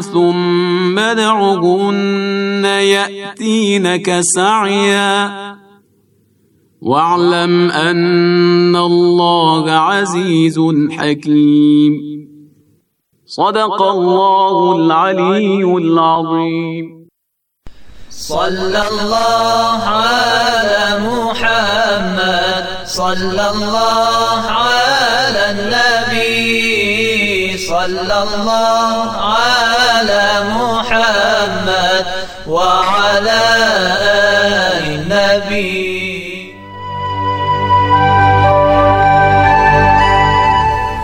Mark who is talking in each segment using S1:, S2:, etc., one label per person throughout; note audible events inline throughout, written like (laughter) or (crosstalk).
S1: ثم ادعهن ياتينك سعيا واعلم ان الله
S2: عزيز حكيم صدق الله
S3: العلي العظيم صلى الله على محمد صلى الله على النبي صلى الله على محمد وعلى آل النبي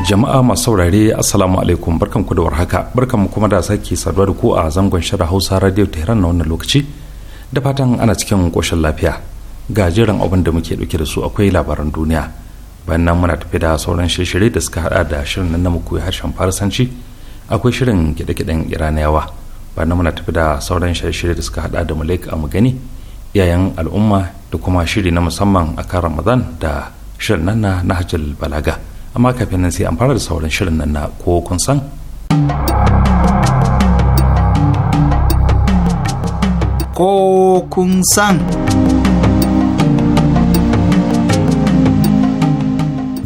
S4: jama'a masu saurare assalamu alaikum barkan ku da warhaka barkan mu kuma da sake saduwa da ku a zangon shirin hausa radio tehran na wannan lokaci da fatan ana cikin koshin lafiya ga jiran abin da muke dauke da su akwai labaran duniya bayan muna tafi da sauran shirye da suka hada da shirin nan na koyi harshen farsanci akwai shirin kiɗe-kiɗen iraniyawa bayan nan muna tafi da sauran shirye da suka hada da mulek a mugani iyayen al'umma da kuma shiri na musamman a kan ramadan da shirin nan na nahajar balaga amma kafin nan sai an fara da sauran shirin nan na ko kun san
S5: ko kun san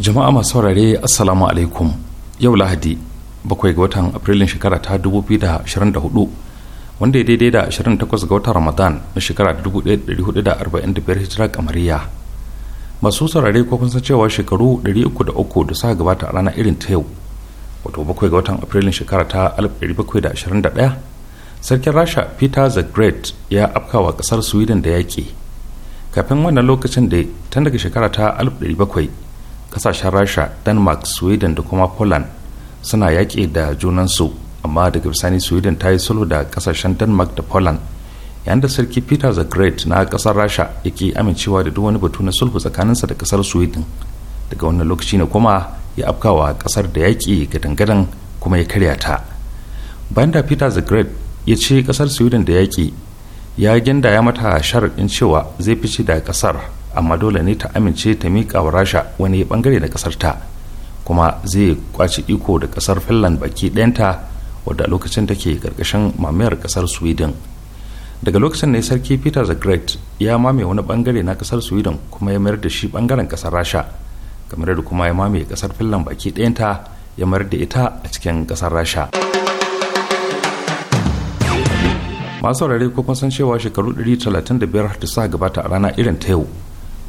S4: jama'a masu saurare assalamu alaikum yau lahadi bakwai ga watan afrilun shekara ta 2024 wanda ya daidai da 28 ga watan ramadan na shekara 1445 hijira kamariya masu saurare ko kun san cewa shekaru 303 da suka gabata a rana irin ta yau wato bakwai ga watan afrilun shekara ta 1721 sarkin rasha peter the great ya afkawa kasar sweden da yaƙi kafin wannan lokacin da tun daga shekara ta 1700 kasashen rasha denmark sweden da kuma poland suna yaƙi da junansu amma daga bisani sweden ta yi sulhu da kasashen denmark da poland yayin da sarki peter the great na ƙasar rasha yake amincewa da duk wani batu na sulhu tsakaninsa da kasar sweden daga wannan lokaci ne kuma ya afkawa ƙasar da yaƙi gadan-gadan kuma ya karya ta bayan da peter the great ya ce ƙasar sweden da yaƙi ya ginda ya mata sharaɗin cewa zai fice da ƙasar. amma dole ne ta amince ta miƙa wa rasha wani bangare na ƙasar ta kuma zai kwaci iko da ƙasar finland baki ɗayanta wadda lokacin take ƙarƙashin mamayar ƙasar sweden daga lokacin ne sarki peter the great ya mame wani bangare na ƙasar sweden kuma ya mayar da shi bangaren ƙasar rasha kamar da kuma ya mame ƙasar finland baki ɗayanta ya mayar da ita a cikin ƙasar rasha masu saurare ko kun san cewa shekaru 135 da suka gabata a rana irin ta yau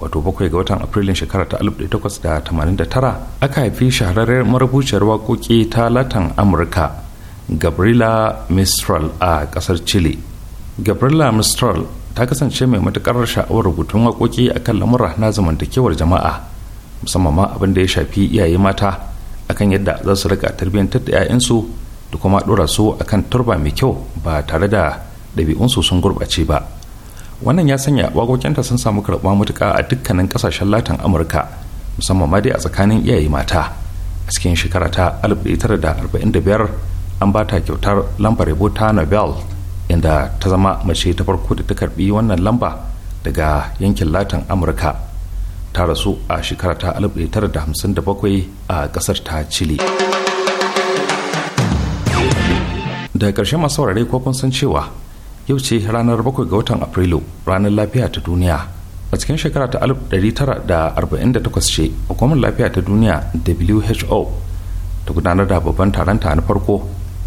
S4: wato bakwai ga watan afrilun shekara ta 1889 aka haifi shahararren marubuciyar waƙoƙi ta latin amurka gabriela mistral a ƙasar chile gabriela mistral ta kasance mai matuƙar sha'awar rubutun waƙoƙi akan lamura na zamantakewar jama'a musamman ma abin da ya shafi iyaye mata akan yadda za su rika tarbiyyantar da 'ya'yansu da kuma ɗora su akan turba mai kyau ba tare da ɗabi'unsu sun gurɓace ba wannan ya sanya ta sun samu karɓa matuƙa a dukkanin ƙasashen latin amurka musamman ma dai a tsakanin iyaye mata a cikin shekara ta 1945 an ba ta kyautar lambar yabo ta nobel inda ta zama mace ta farko da ta karɓi wannan lamba daga yankin latin amurka ta rasu a shekara ta 1957 a ƙasar ta chile da ƙarshen masu saurare ko kun san cewa yau ce ranar 7 ga watan Afrilu ranar lafiya ta duniya. A cikin shekara ta 1948 ce hukumar lafiya ta duniya WHO ta gudanar da babban ta na farko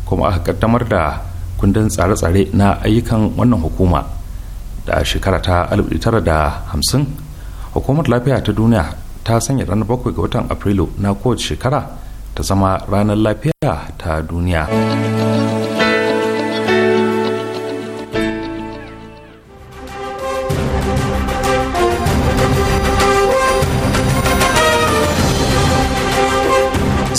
S4: kuma aka kaddamar da kundin tsare-tsare na ayyukan wannan hukuma da shekara ta 1950 hukumar lafiya ta duniya ta sanya ranar bakwai ga watan afrilu na kowace shekara ta zama ranar lafiya ta duniya.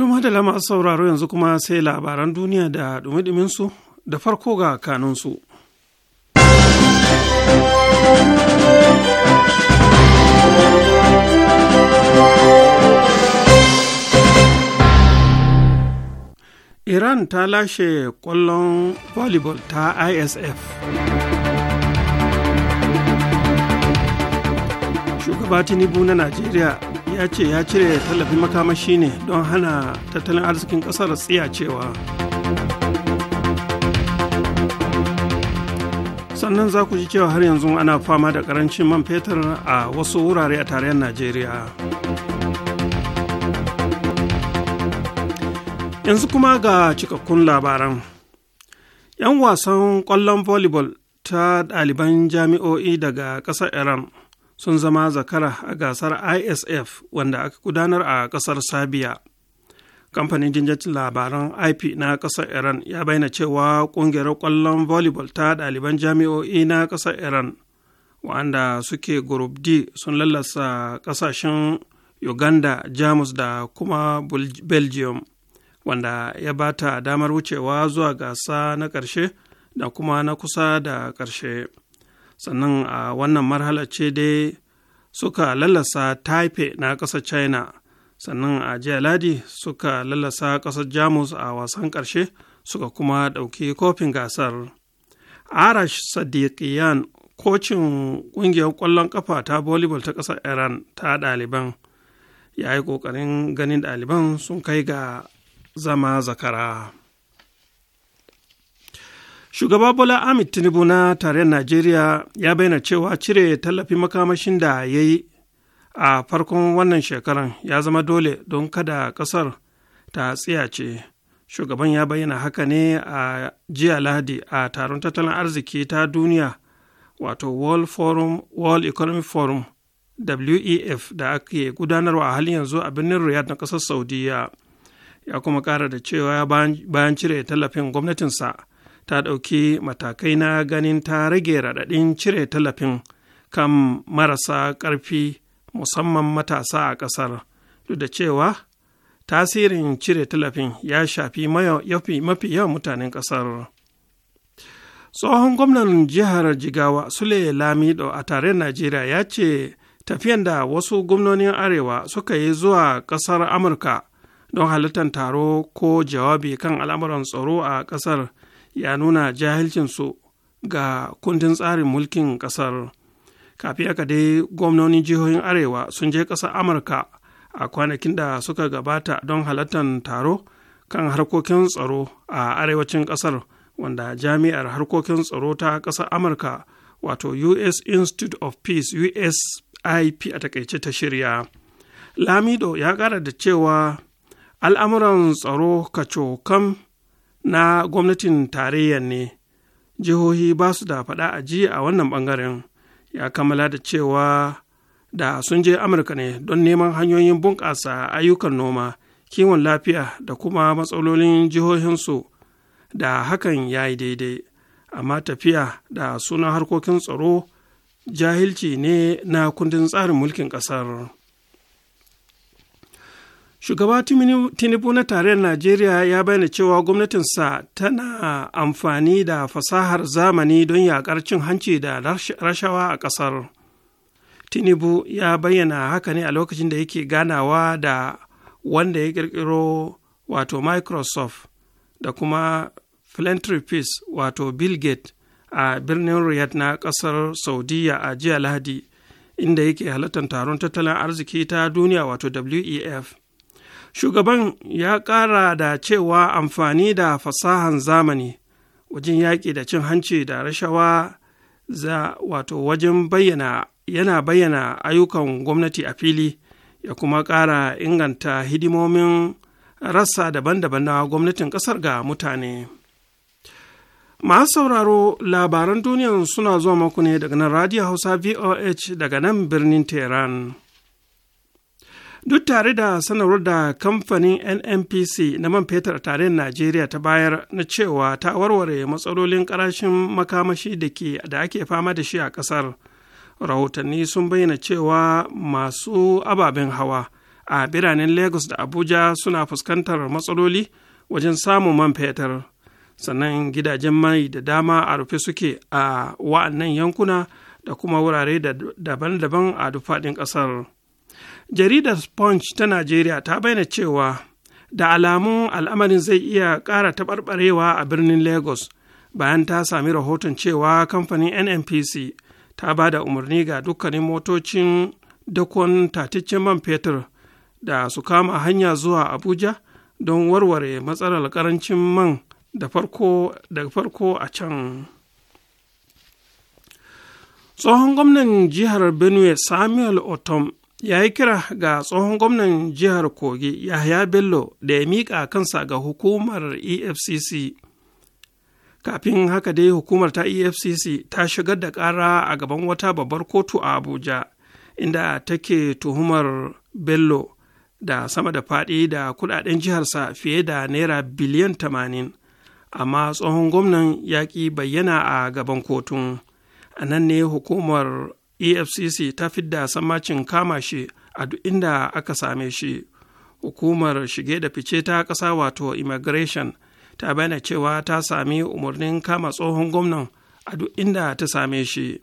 S1: Tuma da lama sauraro yanzu kuma sai labaran duniya da dumi su da farko ga kanunsu. Iran ta lashe ƙwallon volleyball ta ISF. shugaba tinubu na najeriya ya ce ya cire tallafin makamashi ne don hana tattalin arzikin ƙasar cewa. sannan za ku ji cewa har yanzu ana fama da karancin man fetur a wasu wurare a tarayyar najeriya yanzu kuma ga cikakkun labaran 'yan wasan kwallon volleyball ta ɗaliban jami'o'i daga ƙasar iran sun zama zakara a gasar isf wanda aka gudanar a ƙasar sabiya kamfanin jinjacin labaran ip na ƙasar iran ya bayyana cewa ƙungiyar ƙwallon volleyball ta ɗaliban jami'o'i na ƙasar iran wa'anda suke group d sun lallasa ƙasashen uganda jamus da kuma belgium wanda ya ba ta damar wucewa zuwa gasa na ƙarshe da kuma na kusa da ƙarshe sannan a wannan marhala ce dai suka lalasa taipe na ƙasar china sannan a jiya ladi suka lalasa ƙasar jamus a wasan ƙarshe suka kuma ɗauki kofin gasar arash sadiqiyan kocin ƙungiyar ƙwallon ƙafa ta volleyball ta ƙasar iran ta ɗaliban ya yi ƙoƙarin ganin ɗaliban sun kai ga zama zakara. Shugaba Bola amit Tinubu na tarayyar Najeriya ya bayyana cewa cire tallafin makamashin da ya yi a farkon wannan shekaran ya zama dole don kada kasar ta tsiyace. Shugaban ya bayyana haka ne a jiya Lahadi a taron tattalin arziki ta duniya wato World Forum World Economic Forum WEF da ake gudanarwa a halin yanzu a birnin Riyadh na kasar Saudiya. Ya kuma kara da cewa bayan cire tallafin gwamnatinsa. ta ɗauki matakai na ganin ta rage raɗaɗin cire tallafin kan marasa ƙarfi musamman matasa a ƙasar duk da cewa tasirin cire tallafin ya shafi mafi yawan mutanen ƙasar tsohon gwamnan jihar jigawa sule lamido a tare najeriya ya ce tafiyan da wasu gwamnonin arewa suka yi zuwa ƙasar amurka don halittar taro ko jawabi kan al'amuran tsaro a ƙasar ya nuna jahilcinsu ga kundin tsarin mulkin ƙasar kafin aka dai gwamnonin jihohin arewa sun je ƙasar amurka a kwanakin da suka gabata don halartar taro kan harkokin tsaro a arewacin ƙasar wanda jami'ar harkokin tsaro ta ƙasar amurka wato us institute of peace usip a takaice ta shirya lamido ya ƙara da cewa al'amuran tsaro kacokan na gwamnatin tarayyar ne jihohi ba su da faɗa a ji a wannan ɓangaren ya kammala da cewa da sun je amurka ne don neman hanyoyin bunƙasa ayyukan noma kiwon lafiya da kuma matsalolin jihohinsu da hakan ya yi daidai amma tafiya da sunan harkokin tsaro jahilci ne na kundin tsarin mulkin ƙasar. Shugaba Tinubu na tarayyar Najeriya ya bayyana cewa gwamnatinsa tana amfani da fasahar zamani don yaƙar cin hanci da rashawa a ƙasar. Tinubu ya bayyana haka ne a lokacin da yake ganawa da wanda ya ƙirƙiro wato Microsoft da kuma philanthropist wato Bill Gates a birnin Riyadh na ƙasar Saudiya a jiya Lahadi inda yake halartar taron tattalin arziki ta duniya wato WEF. shugaban ya ƙara da cewa amfani da fasahan zamani wajen yaƙi da cin hanci da rashawa za wato wajen bayyana yana bayyana ayyukan gwamnati a fili ya kuma ƙara inganta hidimomin rasa daban-daban na gwamnatin ƙasar ga mutane masu sauraro labaran duniya suna zuwa maku ne daga nan radio hausa voh daga nan birnin tehran duk tare da sanarwar da kamfanin nnpc na man fetur a tarayyar najeriya ta bayar na cewa ta warware matsalolin karashin makamashi da ake fama da shi a kasar rahotanni sun bayyana cewa masu ababen hawa a biranen lagos da abuja suna fuskantar matsaloli wajen samun man fetur sannan gidajen mai da dama a rufe suke a wa'annan yankuna da kuma wurare daban-daban a duk faɗin ƙasar. jaridar punch ta najeriya ta bayyana cewa da alamun al'amarin zai iya ƙara taɓarɓarewa a birnin lagos bayan ta sami rahoton cewa kamfanin nnpc ta ba da umarni ga dukkanin motocin dakon taticcen man fetur da su kama hanya zuwa abuja don warware matsalar ƙarancin man da farko daga farko a can tsohon gwamnan jihar benue samuel otom ya yi kira ga tsohon gwamnan jihar kogi yahaya bello da ya miƙa kansa ga hukumar efcc kafin haka dai hukumar ta efcc ta shigar da ƙara a gaban wata babbar kotu a abuja inda take tuhumar bello da sama da faɗi da kudaden jiharsa fiye da naira biliyan tamanin, amma tsohon gwamnan yaƙi bayyana a gaban kotun a nan ne hukumar efcc ta fidda sammacin kama shi a duk inda aka same shi hukumar shige da fice ta ƙasa wato immigration ta bayyana cewa ta sami umarnin kama tsohon gwamnan a duk inda ta same shi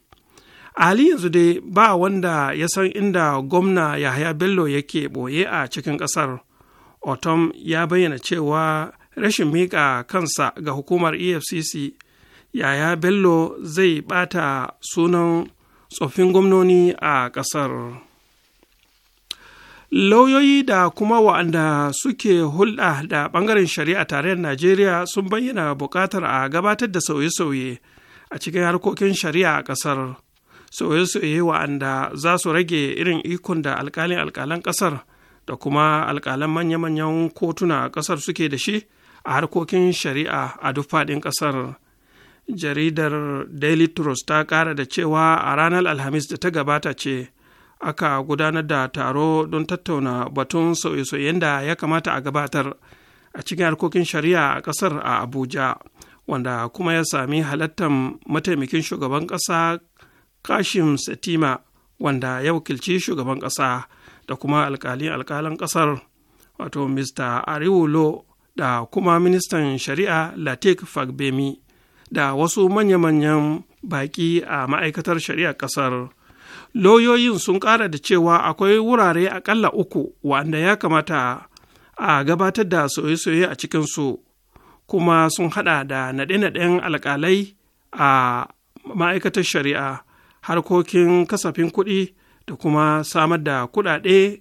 S1: a hali yanzu dai ba wanda ya san inda gwamna yahaya bello yake ɓoye a cikin ƙasar otom ya bayyana cewa rashin miƙa kansa ga hukumar efcc yaya bello zai ɓata sunan tsoffin gwamnoni a ƙasar lauyoyi da kuma wa'anda suke hulɗa da ɓangaren shari'a tare tarayyar najeriya sun bayyana buƙatar a gabatar da sauye-sauye a cikin harkokin shari'a a ƙasar sauye-sauye wa'anda za su rage irin ikon da alƙalin alƙalan ƙasar da kuma alƙalan manya-manyan kotuna a ƙasar suke da shi a harkokin shari'a a duk faɗin ƙasar jaridar daily trust ta kara da cewa a ranar alhamis da ta gabata ce aka gudanar da taro don tattauna batun sauye-sauyen da ya kamata a gabatar a cikin harkokin shari'a a kasar a abuja wanda kuma ya sami halattar mataimakin shugaban kasa kashim satima wanda ya wakilci shugaban kasa da kuma alkalin alkalin kasar wato mr ariwulo da kuma ministan shari'a latik fagbemi da wasu manya-manyan baƙi a ma'aikatar shari'a ƙasar. Lauyoyin sun ƙara da cewa akwai wurare aƙalla uku wanda ya kamata a gabatar da soye-soye a cikinsu, kuma sun haɗa da naɗe-naɗen alƙalai a ma'aikatar shari'a, harkokin kasafin kuɗi da kuma samar da kuɗaɗe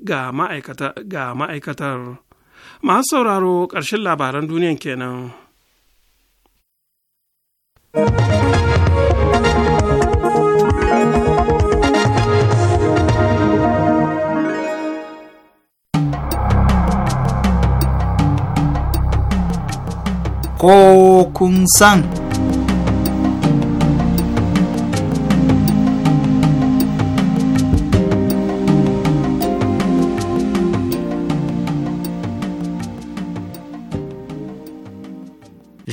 S1: ga ma'aikatar. Masu sauraro ƙarshen labaran duniyan kenan.
S5: Ko kun san.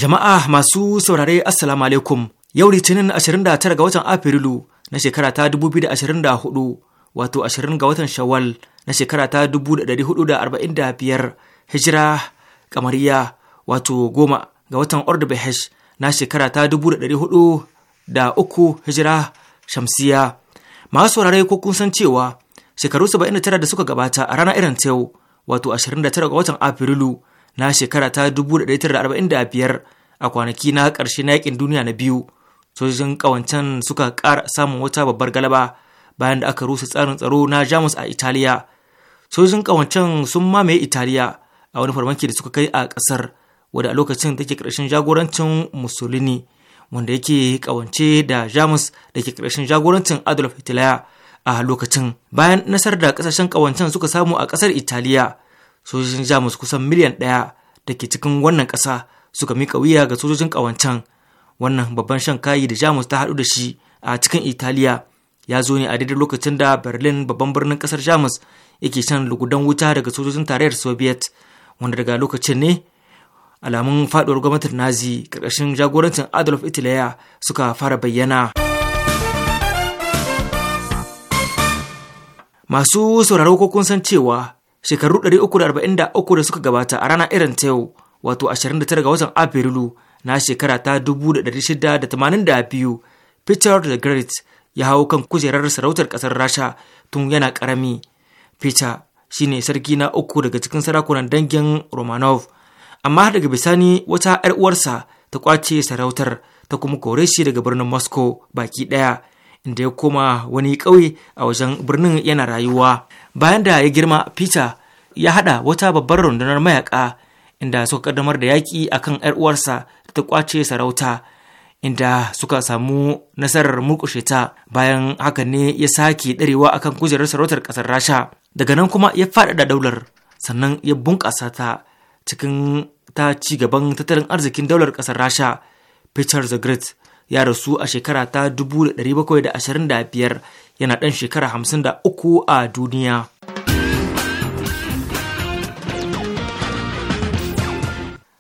S6: Jama'a masu saurare Assalamu alaikum. Yau Litinin 29 ga watan Afrilu na shekara ta 2024 wato 20 ga watan Shawwal na shekara ta 1445 Hijira kamariya wato goma ga watan Ordobahesh na shekara ta 1403 Hijira Shamsiya. Masu saurare ko kun san cewa shekaru 79 da suka gabata a ranar irin ta yau wato 29 ga watan Afrilu na shekara ta 1945 a kwanaki na ƙarshe na yakin duniya na biyu sojojin ƙawancen suka ƙara samun wata babbar galaba bayan da aka rusa tsarin tsaro na jamus a italiya sojojin ƙawancen sun mamaye italiya a wani farmaki da suka kai a ƙasar wadda a lokacin take ƙarshen jagorancin mussolini wanda yake ƙawance da jamus da ke ƙarshen jagorancin adolf hitler a lokacin bayan nasar da ƙasashen ƙawancen suka samu a ƙasar italiya sojojin jamus kusan miliyan ɗaya da ke cikin wannan ƙasa suka mika wuya ga sojojin ƙawancen wannan babban shan kayi da jamus ta haɗu da shi a cikin italiya ya zo ne a daidai lokacin da berlin babban birnin ƙasar jamus yake shan lugudan wuta daga sojojin tarayyar soviet wanda daga lokacin ne alamun faɗuwar gwamnatin nazi ƙarƙashin jagorancin adolf hitler suka fara bayyana masu sauraro ko kun san cewa shekaru 343 da suka gabata a rana irin ta yau wato 29 ga watan afrilu na shekara ta 1682 peter the great ya hau kan kujerar sarautar kasar rasha tun yana karami peter shine sarki na uku daga cikin sarakunan dangin romanov amma daga bisani wata 'yar uwarsa ta kwace sarautar ta kuma kore shi daga birnin moscow baki daya inda ya koma wani ƙauye a wajen birnin yana rayuwa bayan da ya girma peter ya hada wata babbar rundunar mayaka inda suka kaddamar da yaƙi akan 'yar uwarsa da ta kwace sarauta inda suka samu nasarar murkushe ta bayan haka ne ya sake ɗarewa akan kujerar sarautar ƙasar rasha daga nan kuma ya faɗaɗa daular sannan ya bunƙasa ta cikin ta ci gaban tattalin arzikin daular ƙasar rasha peter the great ya rasu a shekara ta 1725 yana ɗan shekara hamsin da uku a duniya.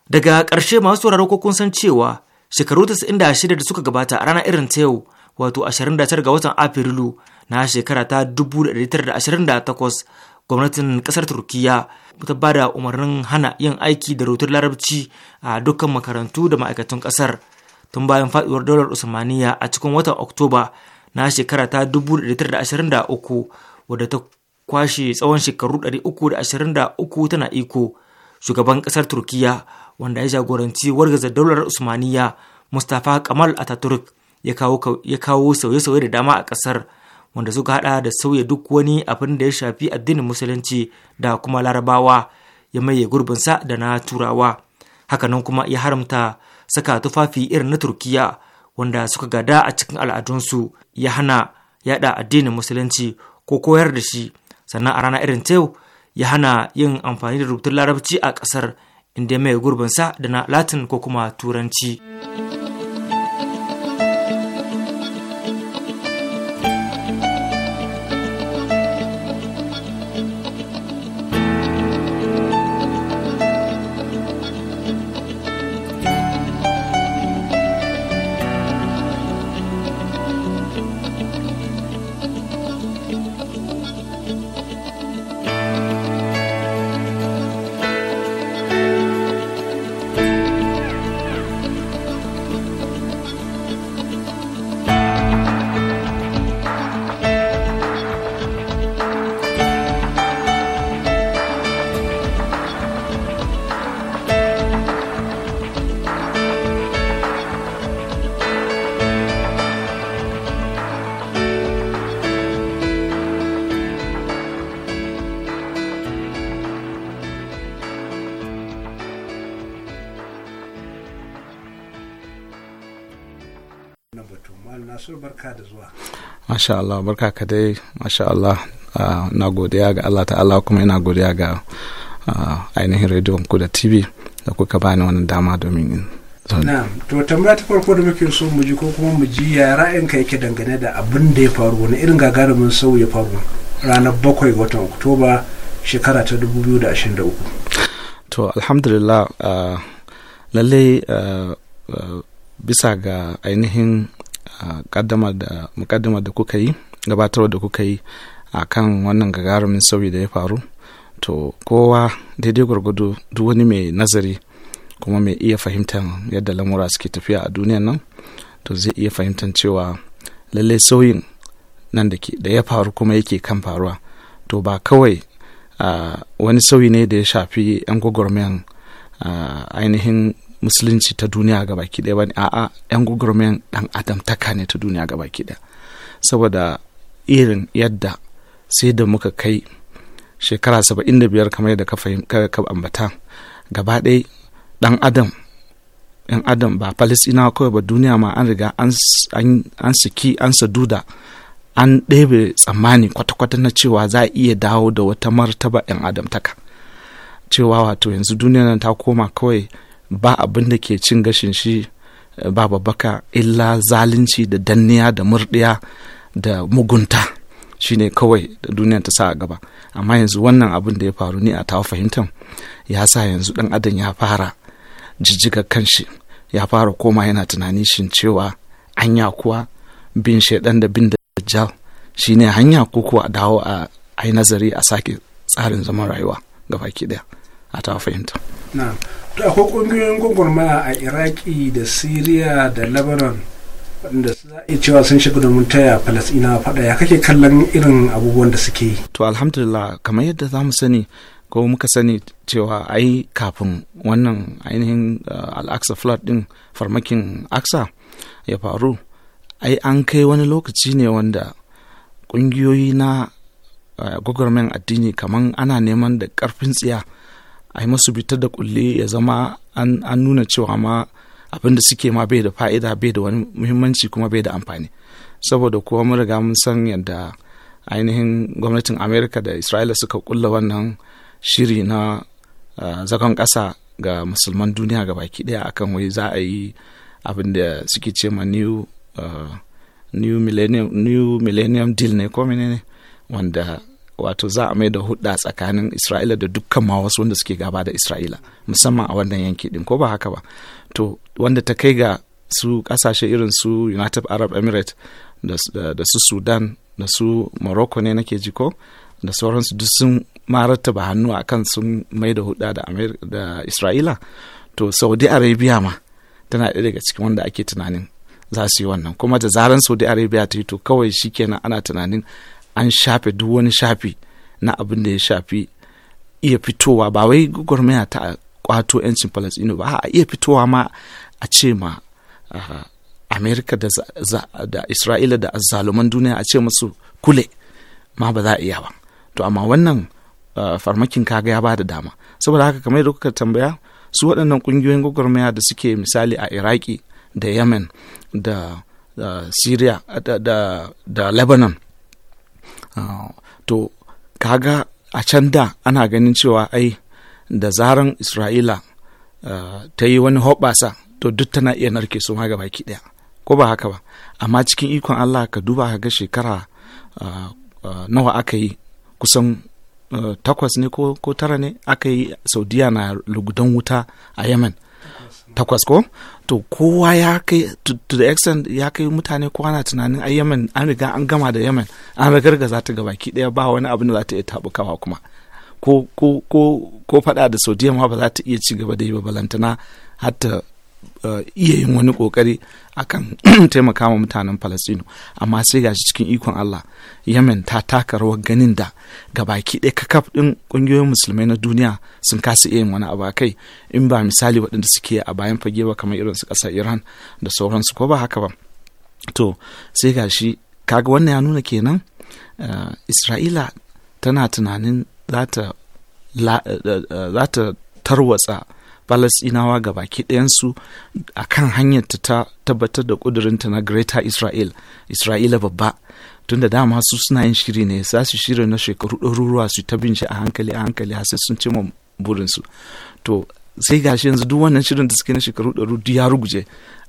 S6: Daga ƙarshe masu sauraro ko kun san cewa shekaru 96 da suka gabata a ranar irin ta yau wato 29 ga watan Afrilu na shekara ta 1928 gwamnatin ƙasar turkiyya ta ba da umarnin hana yin aiki da rotar larabci a dukkan makarantu da ma'aikatan ƙasar tun bayan faɗuwar daular usmaniya a cikin watan oktoba na shekara ta 1923 wadda ta kwashe tsawon shekaru 323 tana iko shugaban kasar turkiya wanda ya jagoranci wargaza daular usmaniya mustapha kamal ataturk ya kawo sauye-sauye da dama a kasar wanda suka hada da sauya duk wani abin da ya shafi addinin musulunci da kuma larabawa ya maye gurbinsa da na turawa hakanan kuma ya haramta saka tufafi irin na turkiya wanda suka gada a cikin al'adunsu ya hana yada addinin musulunci ko koyar da shi sannan a rana irin ta yau ya hana yin amfani da rubutun larabci a kasar inda mai gurbinsa da na latin ko kuma turanci.
S5: masha Allah barka ka dai masha Allah na godiya ga Allah ta'ala kuma ina godiya ga ainihin rediyon ku da TV da kuka bani wannan dama domin in
S7: to tambaya ta farko da muke so mu ji ko kuma mu ji ya ka yake dangane da abin da ya faru wani irin gagarumin sau ya faru ranar bakwai watan oktoba shekara ta 2023
S5: to alhamdulillah lallai bisa ga ainihin mukaddama da kuka yi gabatarwa da kuka yi a kan wannan gagarumin sauyi da ya faru to kowa daidai gwargwado duk wani mai nazari kuma mai iya fahimtar yadda lamura suke tafiya a duniyan nan to zai iya fahimtar cewa lallai sauyin nan da ya faru kuma yake kan faruwa to ba kawai wani sauyi ne da ya shafi 'yan gwagwarmayan ainihin musulunci ta duniya ga baki ɗaya ba ne a'a yan gugurmen ɗan adam taka ne ta duniya ga baki ɗaya saboda irin yadda sai da muka kai shekara saba'in da biyar kamar yadda ka ambata gaba ɗaya ɗan adam yan adam ba palestinawa kawai ba duniya ma an riga an siki an saduda an ɗebe tsammani kwata-kwata na cewa za a iya dawo da wata martaba yan adam taka cewa wato yanzu duniya nan ta koma kawai ba abin da ke cin gashin shi eh, ba babbaka illa zalunci da danniya da murdiya da mugunta shi ne kawai da duniya ta sa a gaba amma yanzu wannan abin da ya faru ni a tawa fahimtar ya sa yanzu dan adam ya fara jijjiga kanshi ya fara koma yana tunani shin cewa anya kuwa bin shaidan da bin dajjal ne hanya ko kuwa dawo a ai nazari a sake tsarin zaman rayuwa gaba ki daya a tawa fahimta
S7: to akwai ƙungiyoyin gwagwarmaya a iraki da syria da lebanon wadanda su za a cewa sun shiga domin taya falasina faɗa ya kake kallon irin abubuwan da
S5: suke yi to alhamdulillah kamar yadda za mu sani ko muka sani cewa ai kafin wannan ainihin uh, al'aksa flood din farmakin aksa ya faru ai an kai wani lokaci ne wanda ƙungiyoyi na uh, gwagwarmayan addini kamar ana neman da ƙarfin tsiya a yi masu bitar da kulle ya zama an nuna cewa ma abinda da suke ma bai da fa'ida bai da wani muhimmanci kuma bai da amfani saboda kuwa mun riga mun san yadda ainihin gwamnatin amerika da isra'ila suka kulla wannan shiri na zagon ƙasa ga musulman duniya ga baki ɗaya akan wai za a yi abin da suke ce ma new, millennium, new millennium deal ne ko menene wanda wato za a mai da hudda tsakanin isra'ila da dukkan ma wasu wanda suke gaba da isra'ila musamman a wannan yanki din ko ba haka ba to wanda ta kai ga su kasashe irin su united arab emirates da, su sudan da su morocco ne nake ji ko da sauransu duk sun mararta ba hannu a kan sun mai da hudda da isra'ila to saudi arabia ma tana ɗaya daga cikin wanda ake tunanin za su yi wannan kuma da zaran saudi arabia ta yi to kawai shikenan ana tunanin an shafe duk wani shafi na abin da ya shafi iya fitowa ba wai gwagwarmaya ta kwato 'yancin palestino ba a iya fitowa ma a ce ma amerika da, isra'ila da azzaluman duniya a ce masu kule ma ba za a iya ba to amma wannan ah, farmakin kaga ya ba da dama saboda haka kamar yadda kuka tambaya su waɗannan ƙungiyoyin gwagwarmaya da suke misali a iraki da yemen da ah, syria da lebanon to kaga a can da ana ganin cewa ai da zaran isra'ila ah, ta yi wani hoɓasa to duk tana iya narke su ma baki ɗaya ko ba haka ba amma cikin ikon allah ka duba ka ga shekara ah, ah, nawa aka yi kusan takwas ne ko tara ne aka yi saudiya na lugudan wuta a yemen takwas ko to kowa ya kai to the extent ya kai mutane kowa na tunanin a yemen an riga an gama da yemen an ragarga za ta ki daya ba wani abin da za ta iya tabukawa kuma ko ko ko fada da saudiya ma ba za ta iya ci gaba da yi ba balantana har ta Eh, iya yin wani kokari akan (clears throat) taimaka wa mutanen Falastinu amma sai gashi cikin ikon Allah yamen ta taka rawar ganin da ga baki ɗaya kakaf ɗin ƙungiyoyin musulmai na duniya sun kasa iya yin wani abu kai in ba misali waɗanda suke a bayan fage ba kamar irin su ƙasar Iran da sauransu ko ba haka ba to sai gashi kaga wannan ya nuna kenan eh, Isra'ila tana tunanin za ta eh, tarwatsa falasinawa ga baki ɗayansu a kan hanyar ta tabbatar da ƙudurinta na Greater Israel, Isra'ila babba. Tun da dama su suna yin shiri ne, za su shirya na shekaru ɗaruruwa su ta bin a hankali a hankali har sai sun cimma burinsu. To sai gashi yanzu duk wannan shirin da suke na shekaru ɗaru duk ya ruguje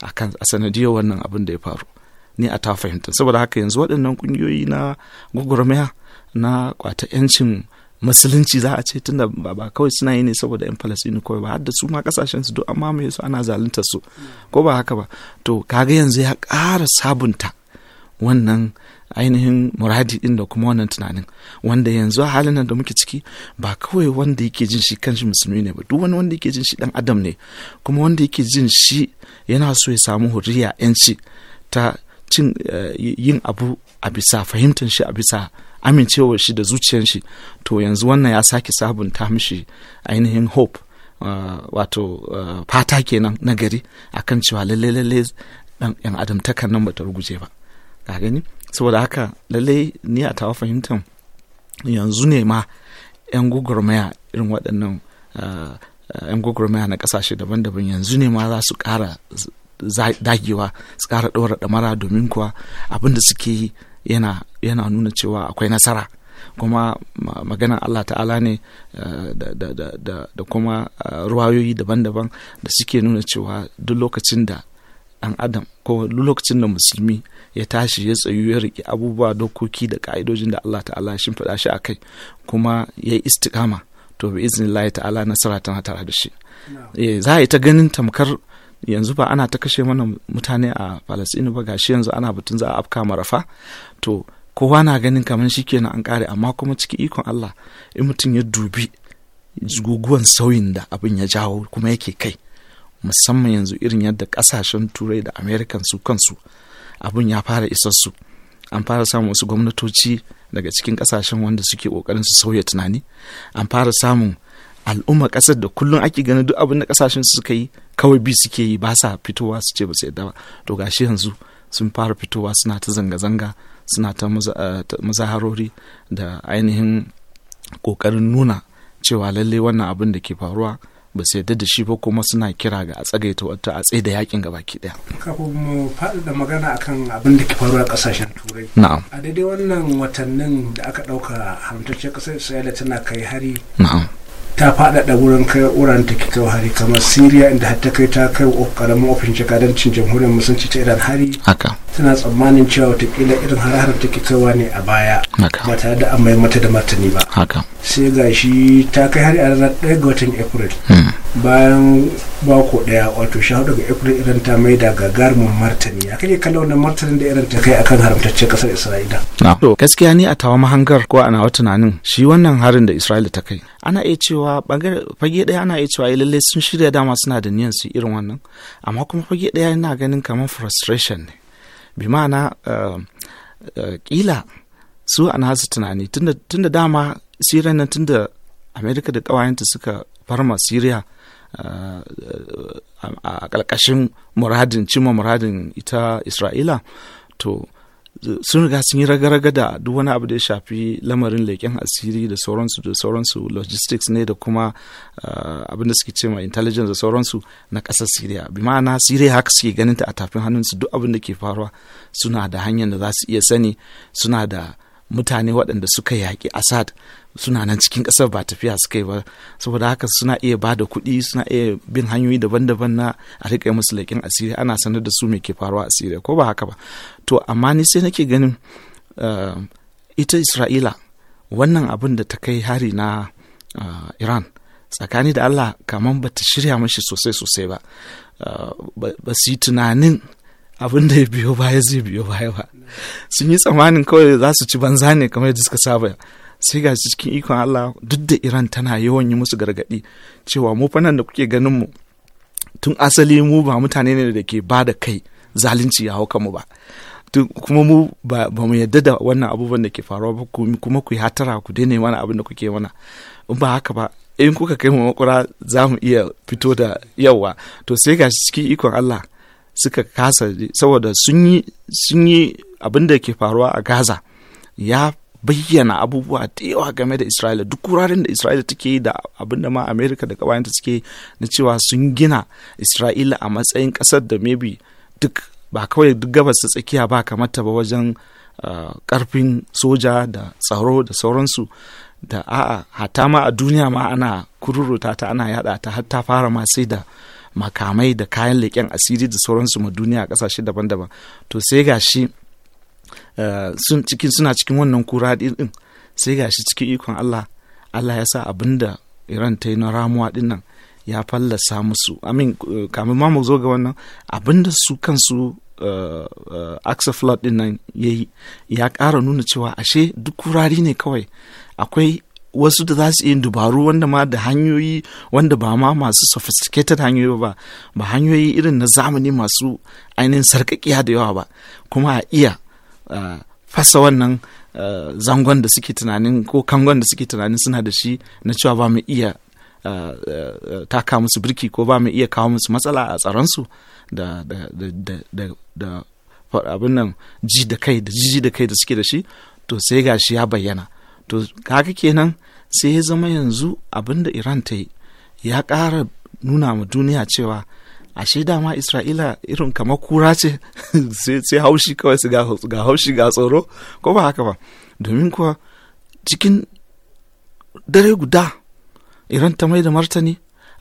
S5: a kan a sanadiyar wannan abin da ya faru ni a ta fahimta saboda haka yanzu waɗannan ƙungiyoyi na gwagwarmaya na kwata 'yancin musulunci za a ce tunda ba ba kawai suna yi ne saboda yan falastini kawai ba hadda su ma kasashen su duk amma mai su ana zalunta su ko ba haka ba to kaga yanzu ya kara sabunta wannan ainihin muradi din da kuma wannan tunanin wanda yanzu a halin nan da muke ciki ba kawai wanda yake jin shi kanshi musulmi ne ba duk wani wanda yake jin shi dan adam ne kuma wanda yake jin shi yana so ya samu hurriya yanci ta cin eh, yin abu a bisa fahimtar shi a bisa amincewar shi da zuciyar shi to yanzu wannan ya sake sabunta mishi ainihin hope uh, wato uh, fata kenan na gari akan cewa lalle lalle yan adamtakan nan bata ruguje ba ka gani saboda haka lalle ni a tawa fahimtar yanzu ne ma yan gwagwarmaya irin waɗannan yan uh, gwagwarmaya na ƙasashe daban-daban yanzu ne ma za su ƙara dagewa su ƙara ɗora ɗamara domin kuwa abin da suke yi yana yana nuna cewa akwai nasara kuma maganan Allah ta'ala ne eh, da kuma eh, ruwayoyi daban-daban da suke nuna cewa duk lokacin da ɗan adam ko lokacin da musulmi ya tashi ya tsayu ya riƙe abubuwa dokoki da ka'idojin da Allah ta'ala shi faɗa shi a kai kuma ya yi istikama to bi Allah ta'ala nasara tana tare da shi eh, za a yi ta ganin tamkar yanzu ba ana ta kashe mana mutane a falasini ba gashi yanzu ana batun za a afka marafa to kowa na ganin kamar shi kenan an kare amma kuma cikin ikon Allah in mutum ya dubi guguwan sauyin da abin ya jawo kuma yake kai musamman yanzu irin yadda kasashen turai da amerikan su kansu abin ya fara isassu an fara samun wasu gwamnatoci daga cikin kasashen wanda suke kokarin su sauya tunani an fara samun al'umma kasar da kullum ake ganin duk abin da kasashen suka yi kawai bi suke yi ba sa fitowa su ce ba su yadda ba to gashi yanzu sun fara fitowa suna ta zanga-zanga suna ta mazaharori eh, da ainihin kokarin nuna cewa lallai wannan abin da ke faruwa ba su yadda da shi ba kuma suna kira ga a tsagaita wata a tsaye da yakin gaba ki daya.
S7: Kafin mu faɗi da magana akan abin da ke faruwa a ƙasashen turai. Na'am. A daidai wannan watannin da aka ɗauka hamtaccen ƙasar Isra'ila tana kai hari. Na'am. ta faɗaɗa wurin kai uran ta kai hari kamar siriya inda har ta kai ta kai ƙaramin ofishin jakadancin jamhuriyar musulunci ta iran hari haka tana tsammanin cewa watakila irin harahar take kawa ne a baya ba tare da an mata da martani ba sai ga shi ta kai har a ranar ɗaya ga watan april hmm. bayan bako ɗaya wato sha hudu ga april irin ta mai da gagarumin martani a kake
S5: kallon wannan martanin da irin ta kai akan haramtaccen ƙasar isra'ila to gaskiya ni a tawa mahangar ko ana tunanin shi wannan harin da isra'ila ta kai ana iya cewa fage ɗaya ana iya cewa lallai sun shirya dama suna da niyan su irin wannan amma kuma fage ɗaya ina ganin kamar frustration ne bi ma'ana eh, eh, kila su a nasu tunani tunda dama siriya nan tunda amerika da kawayenta suka farma siriya eh, a ƙarƙashin muradin cimma muradin ita isra'ila to sun riga sun yi ragaraga da duk wani abu da ya shafi lamarin leƙen asiri da sauransu da sauransu logistics ne da kuma ah, abin da suke ce ma intelligence da sauransu na ƙasar syria bi ma'ana syria haka suke ganin ta a tafin hannunsu duk abin da ke faruwa suna da hanyar da za su iya sani suna da mutane waɗanda suka yaƙi assad suna nan cikin kasar ba tafiya suka yi ba saboda haka suna iya ba da kuɗi suna iya bin hanyoyi daban-daban na a riƙa musu laƙin asiri ana sanar da su me ke faruwa a asiri ko ba haka ba to amma ni sai nake ganin eh, ita isra'ila wannan abin da ta kai hari na eh, iran tsakani da allah kaman ba ta shirya mashi sosai-sosai eh, ba ba su yi tunanin abin da ya biyo baya zai biyo baya ba sun yi tsammanin kawai za su ci banza ne kamar yadda suka saba sai ga cikin ikon Allah duk da Iran tana yawan yi musu gargaɗi cewa mu fanan da kuke ganin mu tun asali mu ba mutane ne da ke ba da kai zalunci ya hau kanmu ba kuma mu ba mu yadda da wannan abubuwan da ke faruwa ba kuma ku yi hatara ku daina mana abin da kuke mana in ba haka ba in kuka kai mu makura za mu iya fito da yawa to sai ga cikin ikon Allah suka kasa saboda sun yi abin da ke faruwa a Gaza ya bayyana abubuwa da yawa game da isra'ila duk wuraren da isra'ila take da abin da ma america da kabayanta suke na cewa sun gina isra'ila a matsayin kasar da maybe duk ba kawai duk gabas ta tsakiya ba kamar ta ba wajen karfin ah, soja da tsaro da sauransu da a'a hata ma a duniya ma ana kururuta ta ana yada ta har ta fara ma sai da makamai da kayan leƙen asiri da sauransu ma duniya a ƙasashe daban-daban to sai gashi. sun cikin suna cikin wannan kura din sai gashi cikin ikon Allah Allah ya sa abinda Iran ta yi na ramuwa din nan ya fallasa musu amin kamin ma mu zo ga wannan abinda su kansu uh, eh, eh, flood din nan ya yi ya ƙara nuna cewa ashe duk kurari ne kawai akwai wasu da za su yi dubaru wanda ma da hanyoyi wanda ba ma masu sophisticated hanyoyi ba ba hanyoyi irin na zamani masu ainihin sarkakiya da yawa ba kuma a iya fasa wannan zangon da suke tunanin ko kangon da suke tunanin suna da shi na cewa ba mu iya taka musu birki ko ba mu iya kawo musu matsala a tsaronsu da abin nan ji da kai da jiji da kai da suke da shi to sai ga shi ya bayyana to kaka kenan sai ya zama yanzu abin da iran ta yi ya ƙara nuna ma duniya cewa ashe dama isra'ila irin kamar kura ce (laughs) sai haushi kawai su ga haushi ga tsoro ko ba haka ba domin kuwa cikin dare guda iran ta mai da martani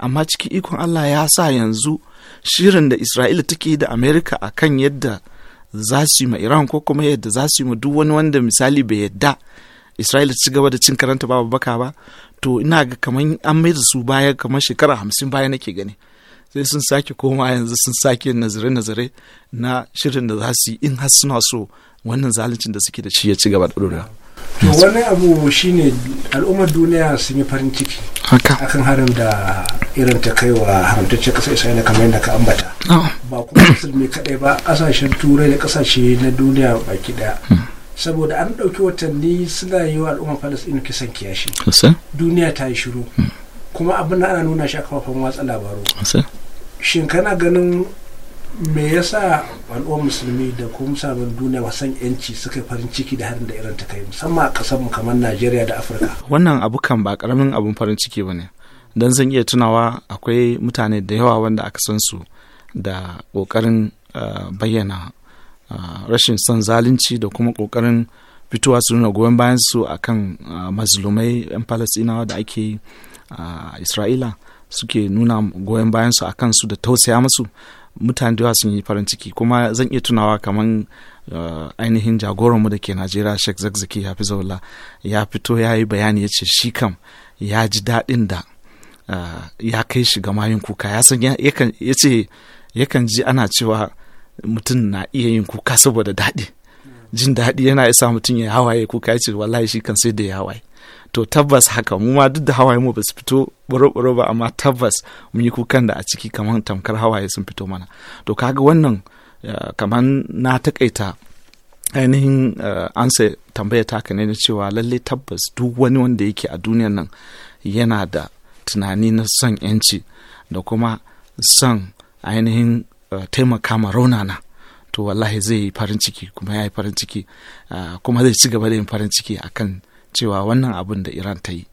S5: amma cikin ikon allah ya sa yanzu shirin da isra'ila take da amerika a kan yadda za su yi ma iran ko kuma yadda za su yi ma duk wani wanda misali bai yadda isra'ila ci gaba da cin karanta babu baka ba to ina ga kamar an mai da su baya kamar shekara hamsin baya nake gani sai sun sake koma yanzu sun sake nazare-nazare na shirin da za su yi in har suna so wannan zaluncin da suke da shi ya ci gaba da to
S7: wani abu shine al'ummar duniya sun yi farin ciki akan harin da irin ta kai wa haramtacce isa isra'ila kamar yadda ka ambata ah. ba kuma musulmi kadai ba kasashen turai da kasashe na duniya baki daya hmm. saboda an ɗauki watanni suna yi wa al'ummar falasɗinu kisan kiyashi duniya ta yi shiru hmm. kuma abin da ana nuna shi a kafafen watsa labaru shin kana ganin me yasa al'ummar musulmi da kuma sabon duniya wasan yanci suka farin ciki da harin da irin ta kai musamman a kasar mu kamar Najeriya da Afirka
S5: wannan abu kan ba karamin abun farin ciki ne don zan iya tunawa akwai mutane da yawa wanda aka san su da kokarin ah, bayyana ah, rashin son zalunci da kuma kokarin fitowa su nuna goyon bayan su akan ah, mazlumai yan Falasɗinawa da ake yi a Isra'ila suke nuna goyon bayansu a su da tausaya masu mutane da sun yi farin ciki kuma zan iya tunawa kamar uh, ainihin jagoranmu da ke najeriya sheikh zakzaki ya fi zaula ya fito ya yi bayani ya ce shi kam ya ji daɗin da uh, ya kai shi ga yin kuka ya san ya ce yakan ji ana cewa mutum na iya yin kuka saboda daɗi jin daɗi yana isa mutum ya hawaye kuka ya ce wallahi shi kan sai da ya hawaye to tabbas haka mu ma duk da hawaye mu ba su fito baro-baro ba amma tabbas mun yi kukan da a ciki kamar tamkar hawaye sun fito mana to kaga wannan kamar na takaita ainihin eh, ansa tambaya taka ne na cewa lalle tabbas duk wani wanda yake a duniyar nan yana da tunani na son yanci da kuma son ainihin eh, taimaka ma raunana to wallahi zai yi farin ciki kuma ya yi farin ciki eh, kuma zai ci gaba da yin farin ciki akan cewa wannan abin da iran ta yi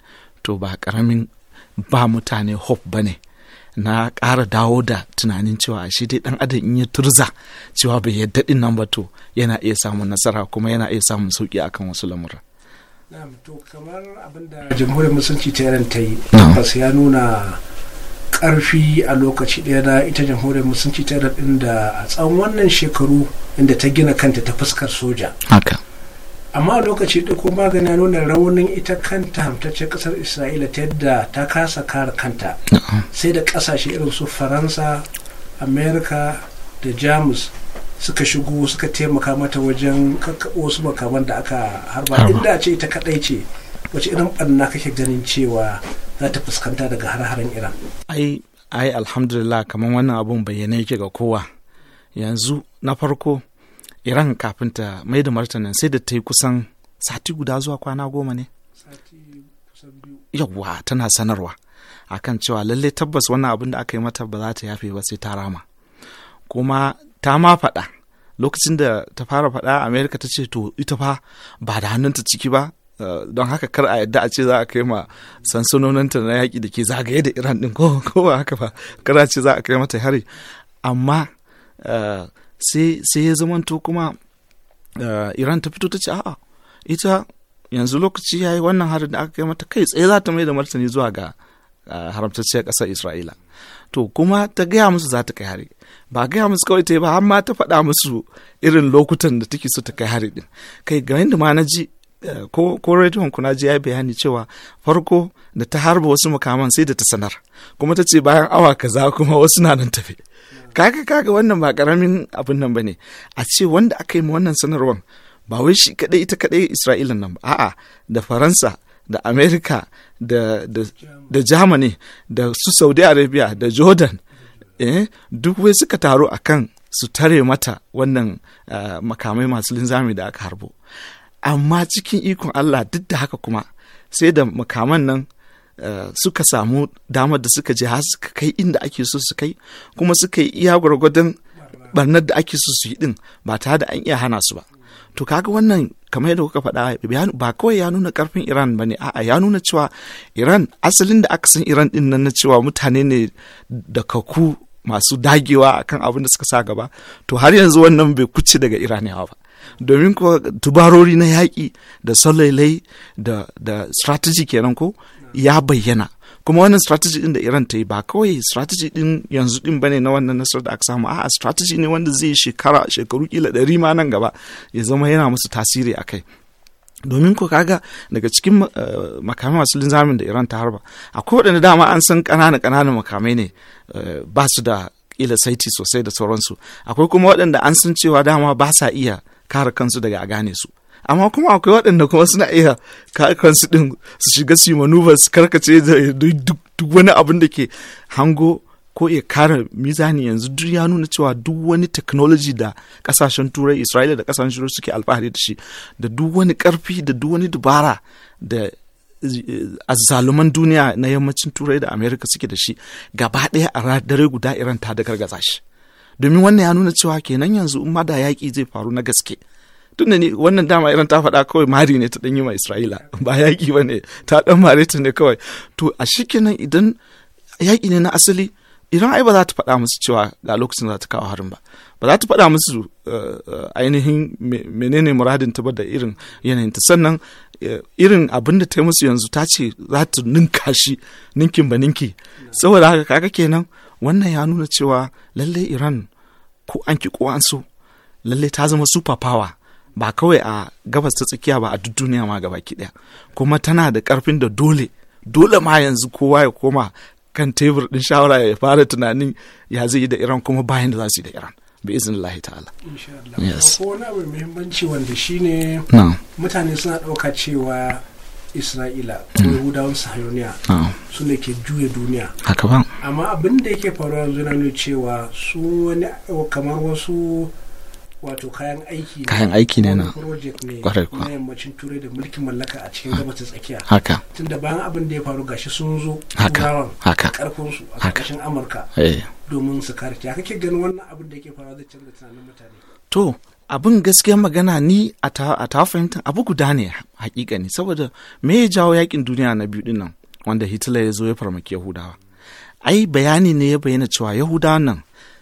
S5: to ba karamin ba mutane hope ba ne na ƙara dawo da tunanin cewa shi dai dan adam in ya turza cewa bai yadda ɗin nan ba to yana iya samun nasara kuma yana iya samun sauƙi akan wasu lamura.
S7: to kamar abin da jamhuriyar musulunci ta yaran ta yi ya nuna ƙarfi a lokaci ɗaya na ita jamhuriyar musulunci ta yaran da a tsawon wannan shekaru inda ta gina kanta ta fuskar soja. Haka. amma a lokaci da ko magana nuna raunin ita kanta hamtacce kasar isra'ila ta yadda ta kasa kare kanta sai da kasashe irin su faransa amerika da jamus suka shigo suka taimaka mata wajen kakkaɓo su makaman da aka harba inda ce ita kaɗai ce wace irin ɓanna kake ganin cewa za ta fuskanta daga har-haren iran
S5: ai ai alhamdulillah kamar wannan abun bayyana yake ga kowa yanzu na farko iran kafin ta mai da martanin sai da ta yi kusan sati guda zuwa kwana goma ne yawwa tana sanarwa akan cewa lalle tabbas wannan abin da aka yi mata ba za ta yafe ba sai ta rama kuma ta ma faɗa lokacin da ta fara faɗa amerika ta ce to ita fa ba da hannunta ciki ba eh, don haka kar a yadda a ce za a kai ma sansanoninta na yaƙi da ke zagaye da iran ɗin ko ba haka ba kar a ce za a kai mata hari amma eh, sai sai ya zamanto kuma ah, iran ta fito ta ce a'a ita yanzu lokaci ya yi wannan harin da aka kai mata kai tsaye za ta mai da martani zuwa ga ah, haramtacciyar ƙasar isra'ila to kuma ta gaya musu za ta kai hari ba gaya musu kawai ta yi ba har ma ta faɗa musu irin lokutan da take so ta kai hari din kai ga yadda ma na ji eh, ko rediyon ku na ji ya bayani cewa farko da ta harba wasu mukaman sai da ta sanar kuma ta ce bayan awa kaza kuma wasu na nan tafi kaga kaga wannan ba karamin abin nan bane a ce wanda aka yi wannan sanarwar ba wai shi kadai ita kadai Isra'ila nan ba a'a da Faransa da Amerika da da, da Germany da su Saudi Arabia da Jordan eh duk wai suka taro kan su tare mata wannan eh, makamai masu linzami da aka harbo amma cikin ikon Allah duk da haka kuma sai da makaman nan suka samu damar da suka je har suka kai inda ake so su kai kuma suka yi iya gwargwadon barnar da ake so su yi din ba tare da an iya hana su ba to kaga wannan kamar yadda kuka faɗa ba kawai ya nuna karfin iran ba ne a'a ya nuna cewa iran asalin da aka san iran din nan na cewa mutane ne da kaku masu dagewa akan abin da suka sa gaba to har yanzu wannan bai kuce daga iraniyawa ba domin ko tubarori na yaƙi da solailai da, da strategy kenan ko ya bayyana kuma wannan strategy din da Iran ta yi ba kawai strategy din yanzu din bane na wannan nasarar da aka samu a'a strategy ne wanda zai shekara shekaru kila ɗari ma nan gaba ya zama yana musu tasiri a kai domin ko kaga daga cikin eh, makamai masu linzamin da Iran ta harba akwai waɗanda dama an san ƙananan ƙananan makamai ne eh, ba su da ila saiti sosai da sauransu akwai kuma waɗanda an san cewa dama ba sa iya kare kansu daga a gane su amma kuma akwai waɗanda kuma suna iya kakan su ɗin su shiga su yi manuva su karkace da duk wani abin da ke hango ko iya kara mizani yanzu duk ya nuna cewa duk wani technology da kasashen turai isra'ila da kasashen turai suke alfahari da shi da duk wani karfi da duk wani dubara da eh, azzaluman duniya na yammacin turai da america suke da shi gaba ɗaya a dare guda iran ta da gargaza shi domin wannan ya nuna cewa kenan yanzu in ma da yaƙi zai faru na gaske tunda ni wannan dama irin ta faɗa kawai mari ne ta ɗan yi ma Isra'ila ba yaƙi ba ne ta ɗan mare ta ne kawai to a shi kenan idan yaƙi ne na asali idan ai ba za ta faɗa musu cewa ga lokacin za ta kawo harin ba ba za ta faɗa musu eh, eh, ainihin menene muradin ta ba da irin yanayin ta sannan eh, irin abin da ta yi musu yanzu ta ce za ta ninka shi ninkin ba ninki saboda haka kaga kenan wannan ya nuna cewa lallai iran ko an ki ko an so lallai ta zama super power ba kawai a gabas ta tsakiya ba a duk duniya ma gabaki daya kuma tana da karfin da dole dole ma yanzu kowa ya koma kan tebur din shawara ya fara tunanin ya zai yi da iran kuma bayan da za su yi da iran bi izin Allah ta'ala yes
S7: ko wani abu muhimmanci wanda shine mutane suna ɗauka cewa isra'ila mm. ko yahudawan sahayoniya su ne ke juya duniya haka ba amma abin da yake faruwa yanzu na cewa su wani kamar wasu wato kayan aiki kayan aiki ne na project na yammacin turai da mulkin mallaka a cikin gabas ta tsakiya haka da bayan abin da ya faru gashi sun zo haka haka karfin su a ƙarshen amurka eh. domin su karki haka ke gani wannan abin da yake faru da canza tunanin mutane
S5: to abin gaskiya magana ni a ta fahimta abu guda ne hakika ne saboda me ya jawo yakin duniya na biyu dinnan wanda hitler ya zo ya farmaki yahudawa ai bayani ne ya bayyana cewa yahudawan nan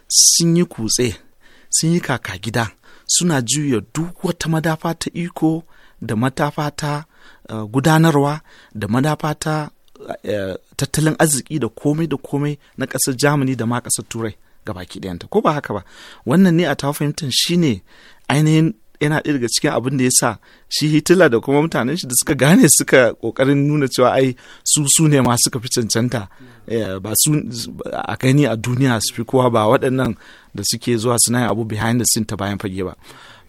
S5: sun yi kutse sun yi kaka gida suna juya duk wata madafa ta iko da madafa ta eh, gudanarwa da madafa ta eh, tattalin arziki da komai da komai na ƙasar germany da ma ƙasar turai baki ɗayanta ko ba haka ba wannan ne a ta fahimtar shine ainihin yana ɗaya daga cikin abin da ya sa shi hitila da kuma mutanen shi da suka gane suka ƙoƙarin nuna cewa ai su su ne ma suka fi cancanta Eh, ba su a gani a duniya su fi kowa ba waɗannan da suke zuwa suna abu behind the scene ta bayan fage ba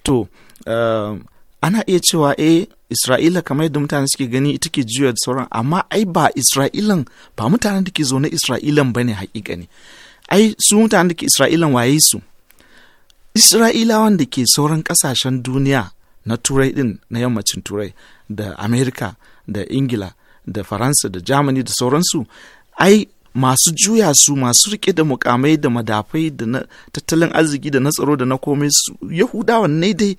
S5: to eh, ana iya cewa eh isra'ila kamar yadda mutane suke gani ita ke juya da sauran amma ai ba isra'ilan ba mutanen da ke zo na isra'ilan ba ne hakika ne ai su mutanen da ke isra'ilan waye su isra'ilawan da ke sauran kasashen duniya na turai din na yammacin turai da amerika da ingila da faransa da germany da sauransu ai masu juya su masu rike da mukamai da madafai da na tattalin arziki da na tsaro da na komai su Yahudawa ne dai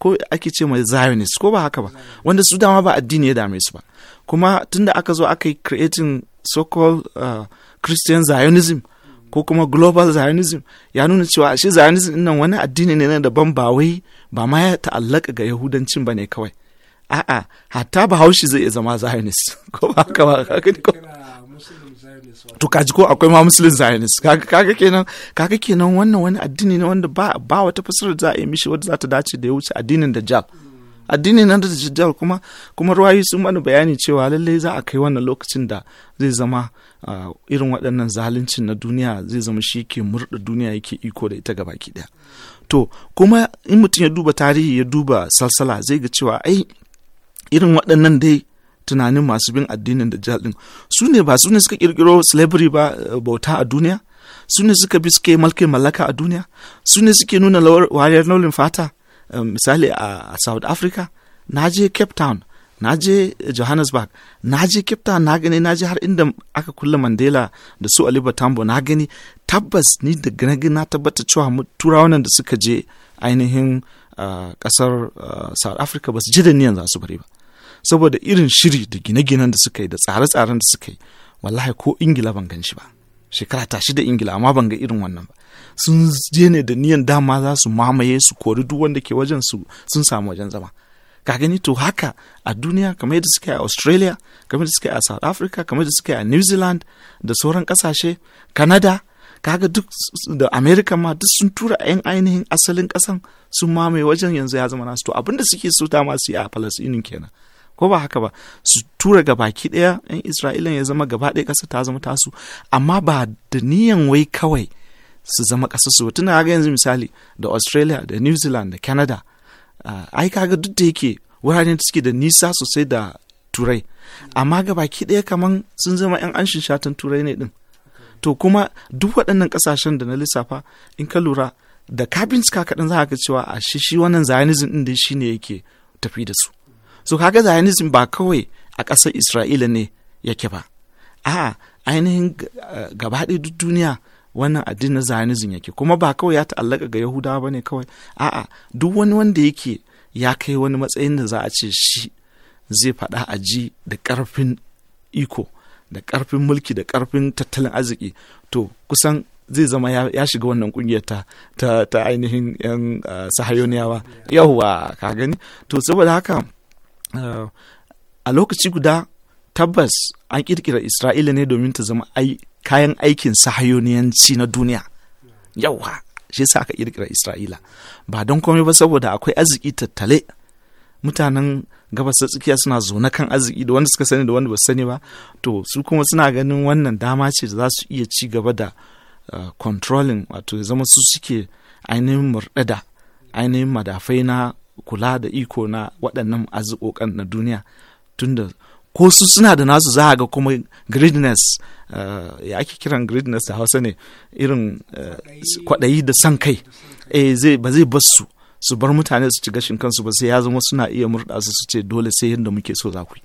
S5: ko ake ce mai zionist ko ba haka ba wanda su dama ba addini ya dame su ba kuma tunda aka zo aka yi creating so called uh, christian zionism ko kuma global zionism ya nuna cewa shi zionism nan wani addini ne na daban ba wai ba ma ya ta'allaka ga yahudancin ba ne kawai a'a hatta ba haushi zai iya zama zionist (laughs) ko ba haka ba to kaji ko akwai ma musulun zionist kaga kenan kaga kenan wannan wani addini ne wanda ba ba wata fasirar za a yi mishi wadda za ta dace da ya wuce addinin da jal? Addinin nan da jal kuma kuma ruwayi sun mana bayani cewa lallai za a kai wannan lokacin da zai zama irin waɗannan zaluncin na duniya zai zama shi ke murɗa duniya yake iko da ita gabaki ɗaya to kuma in mutum ya duba tarihi ya duba salsala zai ga cewa ai irin waɗannan dai tunanin masu bin addinin da jihar din su ne ba su ne suka kirkiro slavery ba eh, bauta a duniya su ne suka bi suke mulkin mallaka a duniya su ne suke nuna wariyar nolin fata eh, misali a south africa na je cape town na je johannesburg na je cape town na gani na je har inda aka kulle mandela da su aliba tambo na gani tabbas ni da gani na tabbata cewa turawan da suka je ainihin kasar ah, ah, south africa ba su ji da niyan za su bari ba saboda irin shiri da gine-ginen da suka yi da tsare-tsaren da suka yi wallahi ko ingila ban gan shi ba shekara ta shida ingila amma ban ga irin wannan ba sun je ne da niyan dama za su mamaye su kori duk wanda ke wajen su sun samu wajen zama ka gani to haka a duniya kamar yadda suka yi a australia kamar yadda suka yi a south africa kamar yadda suka yi a new zealand da sauran kasashe canada kaga duk da america ma duk sun tura 'yan ainihin asalin kasan sun mamaye wajen yanzu ya zama nasu to abinda suke so ta masu yi a palestinian kenan ko ba haka ba su tura ga baki ɗaya 'yan isra'ila ya zama gaba ɗaya ƙasa ta zama tasu amma ba da niyan wai kawai su zama ƙasa su tuna ga yanzu misali da australia da new zealand da canada ah, ai kaga duk da yake wuraren suke da nisa sosai da turai amma ga baki ɗaya kaman sun zama 'yan anshin shatan turai ne din to kuma duk waɗannan ƙasashen da na lissafa in ka lura da ka suka kaɗan za ka cewa a shi wannan zionism ɗin da shi ne yake tafi da su so kaga zionism ba kawai a ƙasar isra'ila ne yake ba a ainihin eh, gabaɗe duk duniya wannan addinin zionism yake kuma ba kawai ya ta'allaka ga yahudawa ba ne kawai a'a duk wani wanda yake ya kai wani matsayin da za a ce shi zai faɗa a ji da ƙarfin iko da ƙarfin mulki da ƙarfin tattalin arziki to kusan zai zama ya shiga wannan kungiyar ta ta ainihin yan eh, sahayoniyawa yauwa ka gani to saboda haka a lokaci guda tabbas an kirkira isra'ila ne domin ta zama kayan aikin sahayoniyanci na duniya yauwa shi sa aka kirkira isra'ila ba don komai ba saboda akwai arziki tattale mutanen gabas ta tsakiya suna zaune kan arziki da wanda suka sani da wanda ba sani ba to su kuma suna ganin wannan dama ce da za su iya ci gaba da ah, controlling wato zama su suke ainihin murɗa ainihin madafai na kula da iko na waɗannan arzikokan na duniya tunda ko su suna da nasu za a ga kuma greediness eh, ya ake kiran greediness da hausa ne irin eh, kwaɗayi da san kai Eh ba zai bar su su bar mutane su ci gashin kansu ba sai ya zama suna iya murɗa su su ce dole sai yadda muke so za ku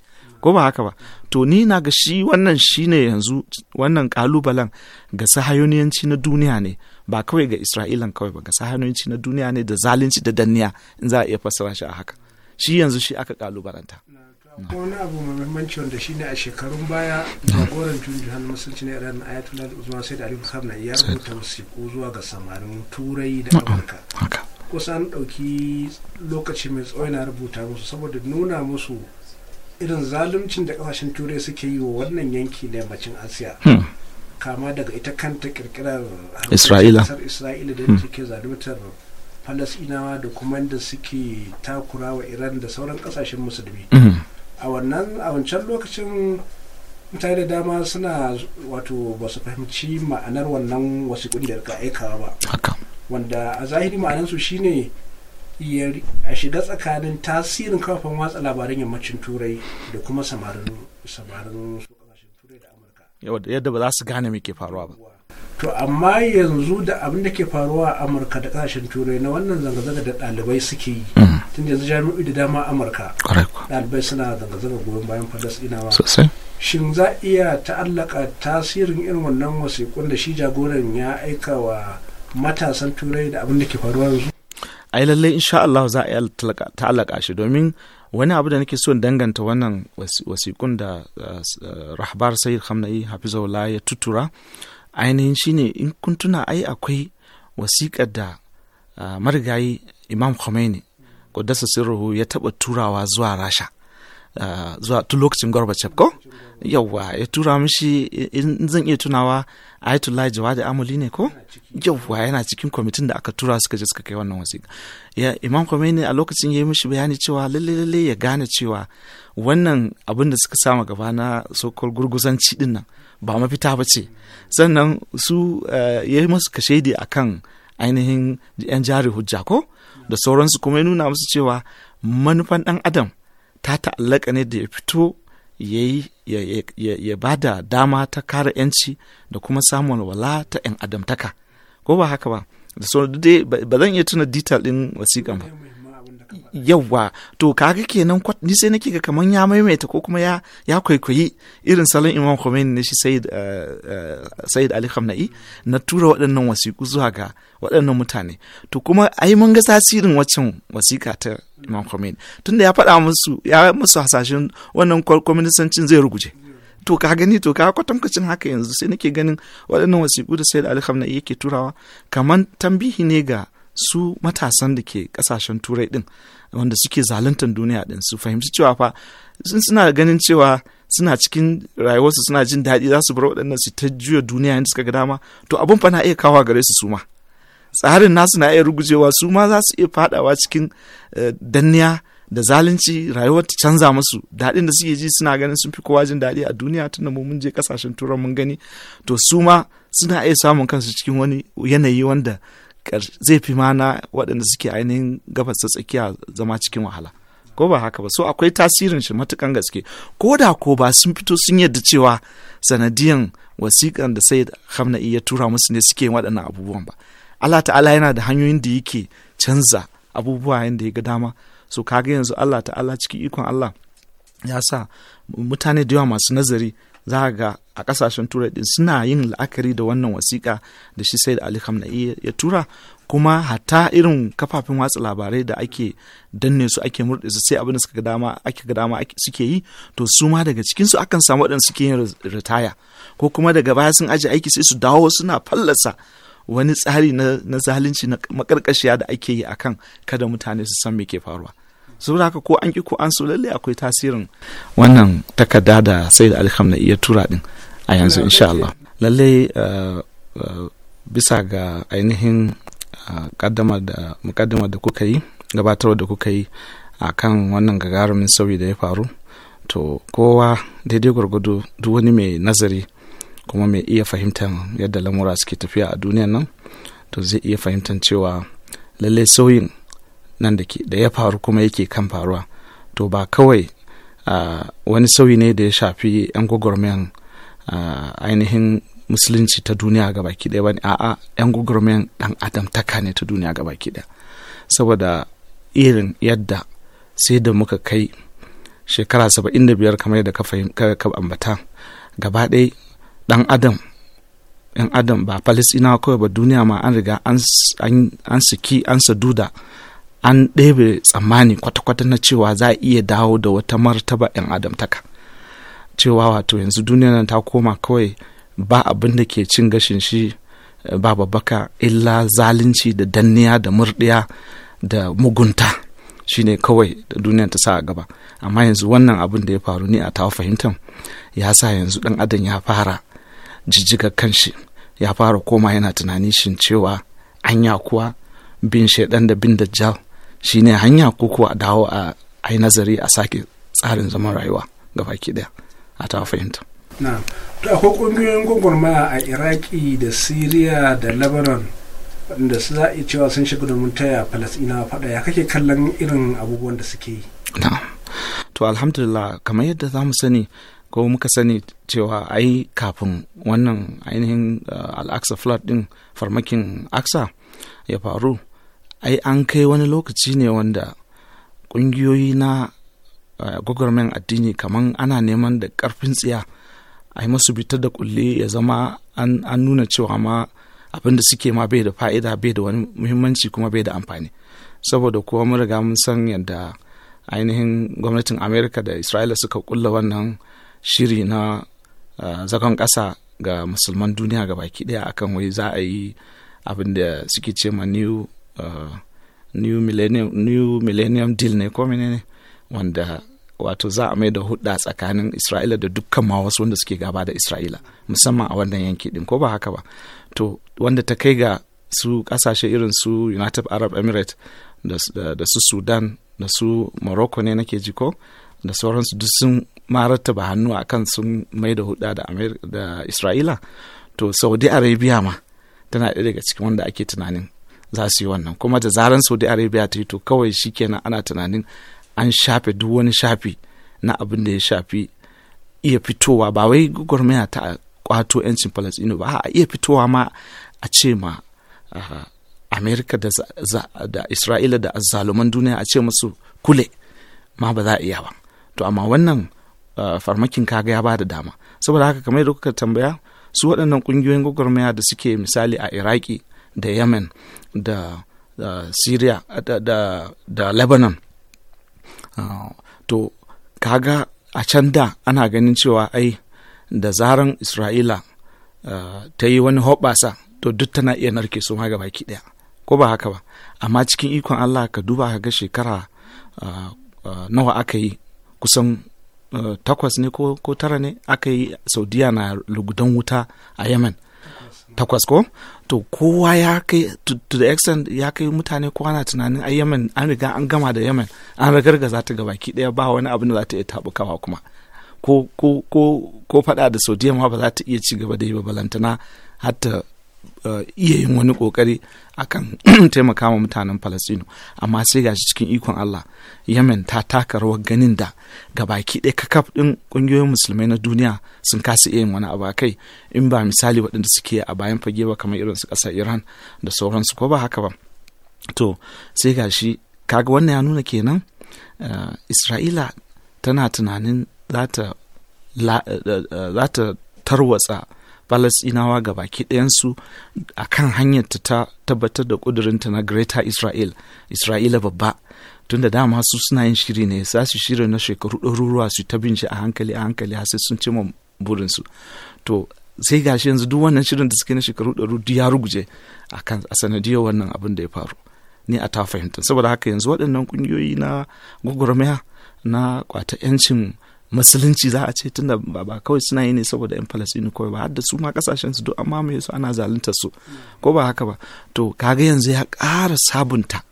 S5: ko ba haka ba to ni na ga shi wannan shine yanzu wannan ƙalubalen ga sahayoniyanci na duniya ne ba kawai ga isra'ilan kawai ba ga sahanoci na duniya ne da zalunci da danniya in za a iya fassara shi a haka shi yanzu shi aka kalubalanta
S7: wani abu mai muhimmanci wanda shine a shekarun baya jagoran junjuhan musulunci na iran ayatollah usman said ali na ya rubuta wasiƙu zuwa ga samarin turai da amurka an ɗauki lokaci mai tsawo na rubuta musu saboda nuna musu irin zaluncin da ƙasashen turai suke yi wa wannan yanki na yammacin asiya hmm. kama daga ita kanta kirkirar isra'ila isra'ila da hmm. take zaluntar falasinawa da kuma da suke takura wa iran da sauran kasashen musulmi hmm. a wannan a wancan lokacin mutane da dama suna wato ba su fahimci ma'anar wannan wasu da ka aikawa ba wanda a zahiri ma'anar su shine a shiga tsakanin tasirin kafin watsa labaran yammacin turai da kuma samarin
S5: samarin yadda ba za su gane me ke faruwa ba to amma
S7: yanzu da abin da ke faruwa a amurka da kasashen turai na wannan zanga-zanga da ɗalibai suke yi hmm. tun yanzu Jamiu, da dama amurka ɗalibai suna zanga-zanga goyon bayan falasɗinawa shin za iya ta'allaka tasirin irin wannan wasiƙun da shi jagoran ya aika wa matasan turai da abin da ke faruwa yanzu
S5: ai lallai insha Allah za a iya ta'allaka shi domin wani abu da nake so danganta wannan wasikun da uh, uh, rahbar sayyid hamna'i hafizullah ya tutura ainihin shine in kun tuna ai akwai wasiƙar da uh, marigayi imam khomeini kudasa sirruhu ya taɓa turawa zuwa rasha Ah, zuwa tun lokacin gorbachev ko yawwa ya tura mishi in zan iya tunawa jawa da amuli ne ko yawwa yana cikin kwamitin da aka tura suka je suka kai wannan wasiƙa ya imam khomeini a lokacin ya yi mishi bayani cewa lalle lalle ya gane cewa wannan abin da suka sama gaba na sokol gurguzanci din nan ba mafita ba ce sannan su eh, ya yi masu kashedi a kan ainihin yan jari hujja ko da sauransu kuma ya nuna musu cewa manufan ɗan adam ta ta'allaka ne da ya fito ya yi ya ba da dama ta kare 'yanci da kuma samun wala ta 'yan adamtaka ko ba haka ba da sauran dai ba zan iya tuna detail ɗin wasiƙan ba yawwa to kaga kenan ni sai nake ga kaman ya maimaita ko kuma ya ya kwaikwayi irin salon Imam Khomeini ne shi Sayyid eh, eh, Said Ali Khamenei na tura waɗannan wasiƙu zuwa ga waɗannan mutane to kuma ai mun ga tasirin waccan wasiƙa ta Imam Khomeini tunda ya faɗa musu ya musu hasashen wannan kwaminisancin zai ruguje to ka gani to ka kwatankwacin haka yanzu sai nake ganin waɗannan wasiƙu da Said Ali Khamenei yake turawa kaman tambihi ne ga su matasan da ke kasashen turai din wanda suke zaluntar duniya din su fahimci cewa fa suna ganin cewa suna cikin rayuwarsu suna jin daɗi za su bar waɗannan su ta juya duniya yadda suka ga dama to abin fa na iya kawo gare su suma tsarin nasu na iya rugujewa su ma za su iya fadawa cikin eh, danniya da zalunci rayuwar ta canza musu daɗin da suke ji suna ganin sun fi kowa jin daɗi a duniya tun da mun je kasashen turai mun gani to su ma suna iya samun kansu cikin wani yanayi wanda zai fi mana waɗanda suke ainihin gabas ta tsakiya zama cikin wahala ko ba haka ba so akwai tasirin shi matukan gaske ko da ko ba sun fito sun yadda cewa sanadiyan wasiƙan da sai hamna ya tura musu ne suke waɗannan abubuwan ba Allah ta'ala yana da hanyoyin da yake canza abubuwa yadda ya ga dama so kaga yanzu Allah ta'ala cikin ikon Allah ya sa mutane da yawa masu nazari za ga a kasashen turai din suna yin la'akari da wannan wasiƙa da shi sai da ali khamenei ya tura kuma hata irin kafafen watsa labarai da ake danne su ake murɗe su sai abin da suka ga dama ake ga dama suke yi to su ma daga cikin su akan samu waɗanda suke yin ritaya ko kuma daga baya sun aje aiki sai su dawo suna fallasa wani tsari na zalunci na makarkashiya da ake yi akan kada mutane su san me ke faruwa saboda haka ko an ki ko an so lalle akwai tasirin wannan takarda da sai da na iya tura din a yanzu insha Allah lalle uh, uh, bisa ga ainihin uh, kaddamar da mukaddamar da kuka yi gabatarwa da kuka yi a kan wannan gagarumin sauyi da ya faru to kowa daidai gwargwado duk wani mai nazari kuma mai iya fahimtar yadda lamura suke tafiya a duniyan nan to zai iya fahimtar cewa lallai sauyin nan da ke da ya faru kuma yake kan faruwa to ba kawai wani sauyi ne da ya shafi 'yan gwagwarmayan ainihin musulunci ta duniya ga baki ɗaya bane a'a 'yan gwagwarmayan ɗan adam taka ne ta duniya ga baki ɗaya saboda irin yadda sai da muka kai shekara saba'in da biyar kamar yadda ka ambata gaba ɗaya ɗan adam yan adam ba palestinawa kawai ba duniya ma an riga an siki an saduda an ɗebe tsammani kwata-kwata na cewa za a iya dawo da wata martaba 'yan adamtaka cewa wato yanzu duniya nan ta koma kawai ba abin da ke cin gashin shi eh, ba babbaka illa zalunci da danniya da murɗiya da mugunta shine kawai da duniya ta sa a gaba amma yanzu wannan abin da ya faru ne a tawa fahimtar ya sa yanzu ɗan adam ya fara jijjiga kanshi ya fara koma yana tunani shin cewa anya kuwa bin shaidan da bin dajjal shi ne hanya ko kuwa dawo a ai nazari a sake tsarin zaman rayuwa ga baki daya a ta fahimta
S7: na to akwai kungiyoyin gwagwarma a iraki da syria da lebanon da su za a cewa sun shiga domin taya falasina faɗa ya kake kallon irin abubuwan da suke yi
S5: na to alhamdulillah kamar yadda za mu sani ko muka sani cewa ai kafin wannan ainihin eh, al'aksa flood ɗin farmakin aksa ya faru ai an kai wani lokaci ne wanda ƙungiyoyi na gwagwarmen addini kamar ana neman da ƙarfin tsiya a yi masu bitar da kulle ya zama an nuna cewa ma abin da suke ma bai da fa'ida bai da wani muhimmanci kuma bai da amfani saboda kuwa mun riga mun san yadda ainihin gwamnatin amerika da isra'ila suka kulla wannan shiri na zagon kasa ga musulman duniya ga baki ɗaya akan wai za a yi abin da suke ce ma new Uh, new millennium new millennium deal ne ko menene wanda wato za a mai da hudda tsakanin isra'ila da dukkan ma wasu wanda suke gaba da isra'ila musamman a wannan yanki din ko ba haka ba to wanda ta kai ga su kasashe irin su united arab emirates da, su sudan da su morocco ne nake ji ko da sauransu duk sun ba hannu a kan sun mai da hudda da, da isra'ila to saudi arabia ma tana ɗaya daga cikin wanda ake tunanin za su yi wannan kuma da zaran saudi arabia ta yi to kawai shi kenan ana tunanin an shafe duk wani shafi na abin da ya shafi iya fitowa ba wai gwamnati ta kwato 'yancin palestino ba a iya fitowa ma a ce ma ah, amerika da, da isra'ila da azzaluman duniya a ce musu kule ma ba za a iya ba to amma wannan ah, farmakin kaga ya ba da dama saboda haka kamar da kuka tambaya su waɗannan ƙungiyoyin gwagwarmaya da suke misali a iraki da yemen da syria da, lebanon ah, to kaga a can da ana ganin cewa ai da zaran isra'ila ah, ta yi wani hoɓasa to duk tana iya narke su ma gaba ki ɗaya ko ba haka ba amma cikin ikon allah ka duba ka ga shekara ah, nawa aka yi kusan takwas ne ko tara ne aka yi saudiya na lugudan wuta a yemen takwas ko to kowa ya kai to the extent ya kai mutane kowa na tunanin a yemen an riga an gama da yemen an za ta gabaki daya ba wani abin da za ta iya tabukawa kuma ko ko ko ko fada da saudiya ma ba za ta iya ci gaba da yi ba balantana har ta Eh, iya yin wani kokari akan (clears throat) taimaka wa mutanen Falastinu amma sai gashi cikin ikon Allah yamen ta taka rawar ganin da ga baki ɗaya kakaf ɗin ƙungiyoyin musulmai na duniya sun kasa iya yin wani abu kai in ba misali waɗanda suke a bayan fage ba kamar irin su ƙasar Iran da sauransu ko ba haka ba to sai gashi kaga wannan ya nuna kenan eh, Isra'ila tana tunanin za ta eh, tarwatsa falasinawa ga baki ɗayansu a kan hanyar ta tabbatar da ƙudurinta na Greater Israel, Isra'ila babba. tunda da dama su suna yin shiri ne, za su shiri na shekaru ɗaruruwa su ta bin shi a hankali a hankali har sai sun cimma burinsu. To, sai gashi yanzu duk wannan shirin da suke na shekaru ɗaru duk ya ruguje a kan a sanadiyar wannan abin da ya faru. Ni a ta fahimta. Saboda haka yanzu waɗannan ƙungiyoyi na gwagwarmaya na kwata 'yancin musulunci za a ce tunda ba ba kawai suna yi ne saboda yan falasini kawai ba har da su ma kasashen su duk an mamaye su ana zalunta su ko ba haka ba to kaga yanzu ya kara sabunta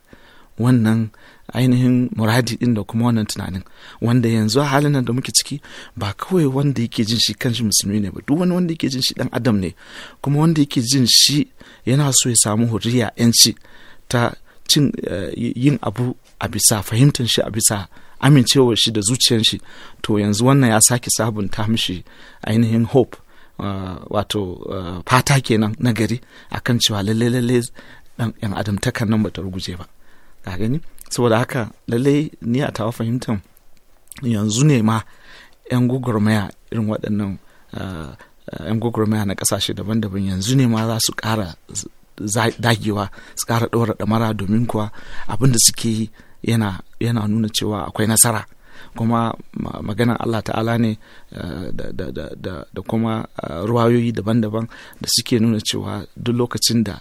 S5: wannan ainihin muradi din da kuma wannan tunanin wanda yanzu a halin da muke ciki ba kawai wanda yake jin shi kanshi musulmi ne ba duk wani wanda yake jin shi dan adam ne kuma wanda yake jin shi yana so ya samu hurriya yanci ta cin eh, yin abu a bisa fahimtar shi a bisa amincewar shi da zuciyar shi to yanzu wannan ya sake sabunta mishi ainihin hope uh, wato uh, fata kenan na gari akan cewa lalle lalle dan yan adam takan nan bata ruguje ba ga gani saboda haka lalle ni a tawa fahimtar yanzu ne ma yan gugurmaya irin waɗannan yan uh, gugurmaya na ƙasashe daban-daban yanzu ne ma za su ƙara dagewa su ƙara ɗora ɗamara domin kuwa abin da suke yi yana yana nuna cewa akwai nasara kuma maganar Allah ta'ala ne eh, da kuma eh, ruwayoyi daban-daban da suke nuna cewa duk lokacin da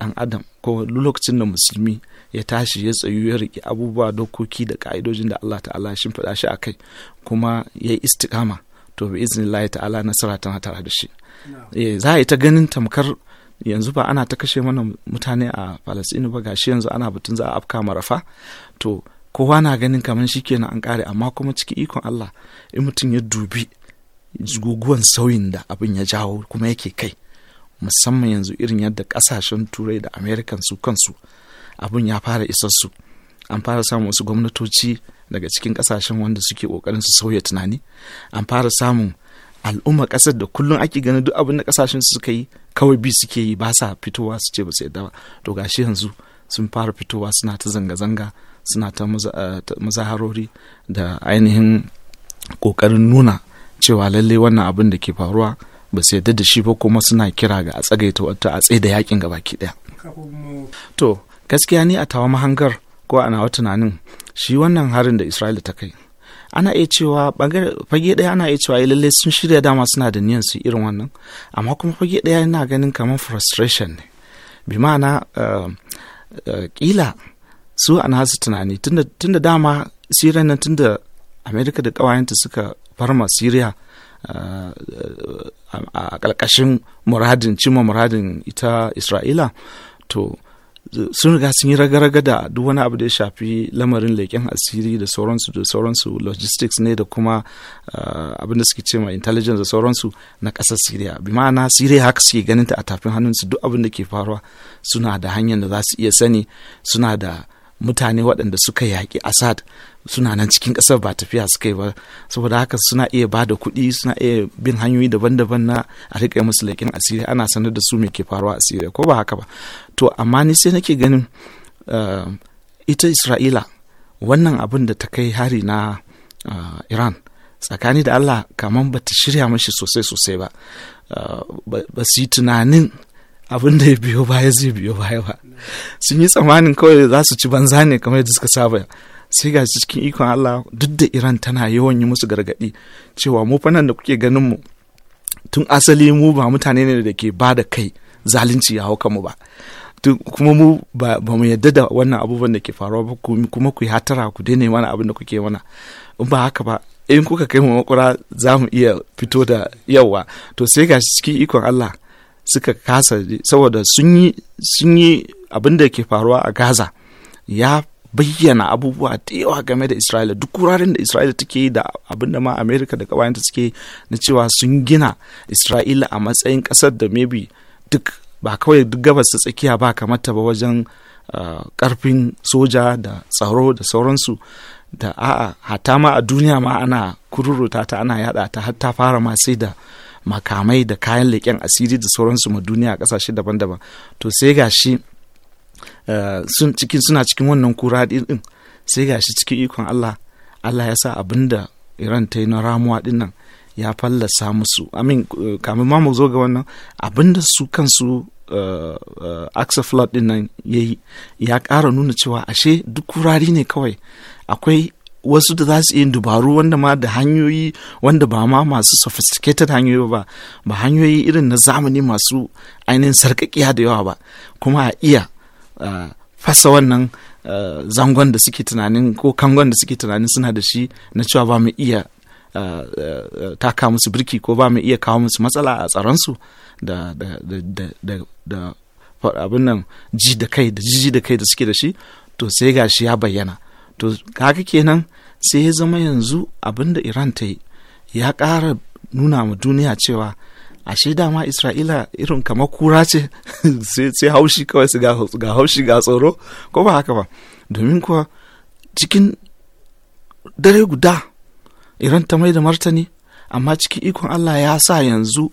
S5: ɗan adam ko duk lokacin da musulmi ya tashi ya tsayu ya riƙe abubuwa dokoki da ka'idojin da Allah ta'ala shi faɗa shi a kai kuma ya yi istiƙama to bi Allah ta'ala nasara tana tare da shi eh, za a yi ta ganin tamkar yanzu ba ana ta kashe mana mutane a Falasɗinu ba gashi yanzu ana batun za a afka marafa to kowa na ganin kamar shi kenan an kare amma kuma cikin ikon Allah in mutum ya dubi guguwan sauyin da abin ya jawo kuma yake kai musamman yanzu irin yadda kasashen turai da amerikan su kansu abin ya fara isar an fara samun wasu gwamnatoci daga cikin kasashen wanda suke kokarin su sauya tunani an fara samun al'umma kasar da kullum ake gani duk abin da kasashen suka yi kawai bi suke yi ba sa fitowa su ce ba su yadda ba to gashi yanzu sun fara fitowa suna ta zanga-zanga suna ta mazaharori eh, da ainihin kokarin nuna cewa lallai wannan abin da ke faruwa ba su yadda da shi ba kuma suna kira ga a tsagaita wata a tsaye da yakin gabaki daya to gaskiya ni a tawa mahangar ko ana wa tunanin shi wannan harin da isra'ila ta kai ana iya cewa fage daya ana iya cewa lalle sun shirya dama suna da niyan su irin wannan amma kuma fage ɗaya yana ganin kamar frustration ne bi ma'ana kila eh, eh, su a nasu tunani tunda dama siriya nan tunda amerika da ƙawayenta suka farma siriya ah, ah, a ƙarƙashin muradin cimma muradin ita isra'ila to sun riga sun yi ragaraga da duk wani abu da ya shafi lamarin leƙen asiri da sauransu da sauransu logistics ne da kuma ah, abin da suke ce ma intelligence da sauransu na ƙasar siriya bi ma'ana siriya haka suke ganin ta a tafin hannunsu duk abin da ke faruwa suna da hanyar da za su iya sani suna da mutane waɗanda suka yaƙi assad suna nan cikin ƙasar ba tafiya suka yi ba saboda haka suna iya bada kuɗi suna iya bin hanyoyi daban-daban na a riƙe musu laƙin asiri ana sanar da su me ke faruwa asiri ko ba haka ba to amma ni sai nake ganin eh, ita isra'ila wannan abin da ta kai hari na eh, iran tsakani da allah kamar ba ta shirya mashi sosai sosai eh, ba ba su yi tunanin abin da ya biyo baya zai biyo baya ba sun yi tsammanin kawai za su ci banza ne kamar yadda suka saba sai ga cikin ikon Allah duk da Iran tana yawan yi musu gargaɗi cewa mu nan da kuke ganin mu tun asali mu ba mutane ne da ke ba da kai zalunci ya hauka mu ba kuma mu ba mu yadda da wannan abubuwan da ke faruwa ba kuma ku yi hatara ku daina mana abin da kuke mana in ba haka ba in kuka kai mu makura za mu iya fito da yawa to sai ga cikin ikon Allah suka kasa saboda sun yi abin da ke faruwa a Gaza ya bayyana abubuwa da yawa game da Isra'ila duk wuraren da Isra'ila take yi da abin da ma Amerika da kawayenta suke na cewa sun gina Isra'ila a matsayin kasar da maybe duk ba kawai duk gabas ta tsakiya ba kamar ta ba wajen karfin ah, soja da tsaro da sauransu da a'a hatta ma a duniya ma ana kururuta ta ana yada ta har ta fara ma sai da makamai da kayan leƙen asiri da sauransu ma duniya a ƙasashe daban-daban to sai ga shi eh, sun cikin suna cikin wannan kura din sai ga shi cikin ikon Allah Allah ya sa abinda Iran ta yi na ramuwa din nan ya fallasa musu amin eh, kamin ma mu zo ga wannan abinda su kansu eh, axa flood din nan ya yi ya ƙara nuna cewa ashe duk kurari ne kawai akwai wasu da za su yi dubaru wanda ma da hanyoyi wanda ba ma masu sophisticated hanyoyi ba ba hanyoyi irin na zamani masu ainihin sarkakiya da yawa ba kuma a iya fasa wannan zangon da suke tunanin ko kangon da suke tunanin suna da shi na cewa ba mu iya taka musu birki ko ba mu iya kawo musu matsala a tsaronsu da abin nan ji da kai da jiji da kai da suke da shi to sai ga shi ya bayyana to kaga kenan sai ya zama yanzu abinda iran ta yi ya ƙara nuna ma duniya cewa ashe dama isra'ila irin kamar kura ce (laughs) sai haushi kawai su ga haushi ga tsoro ko ba haka ba domin kuwa cikin dare guda iran ta mai da martani amma cikin ikon allah ya sa yanzu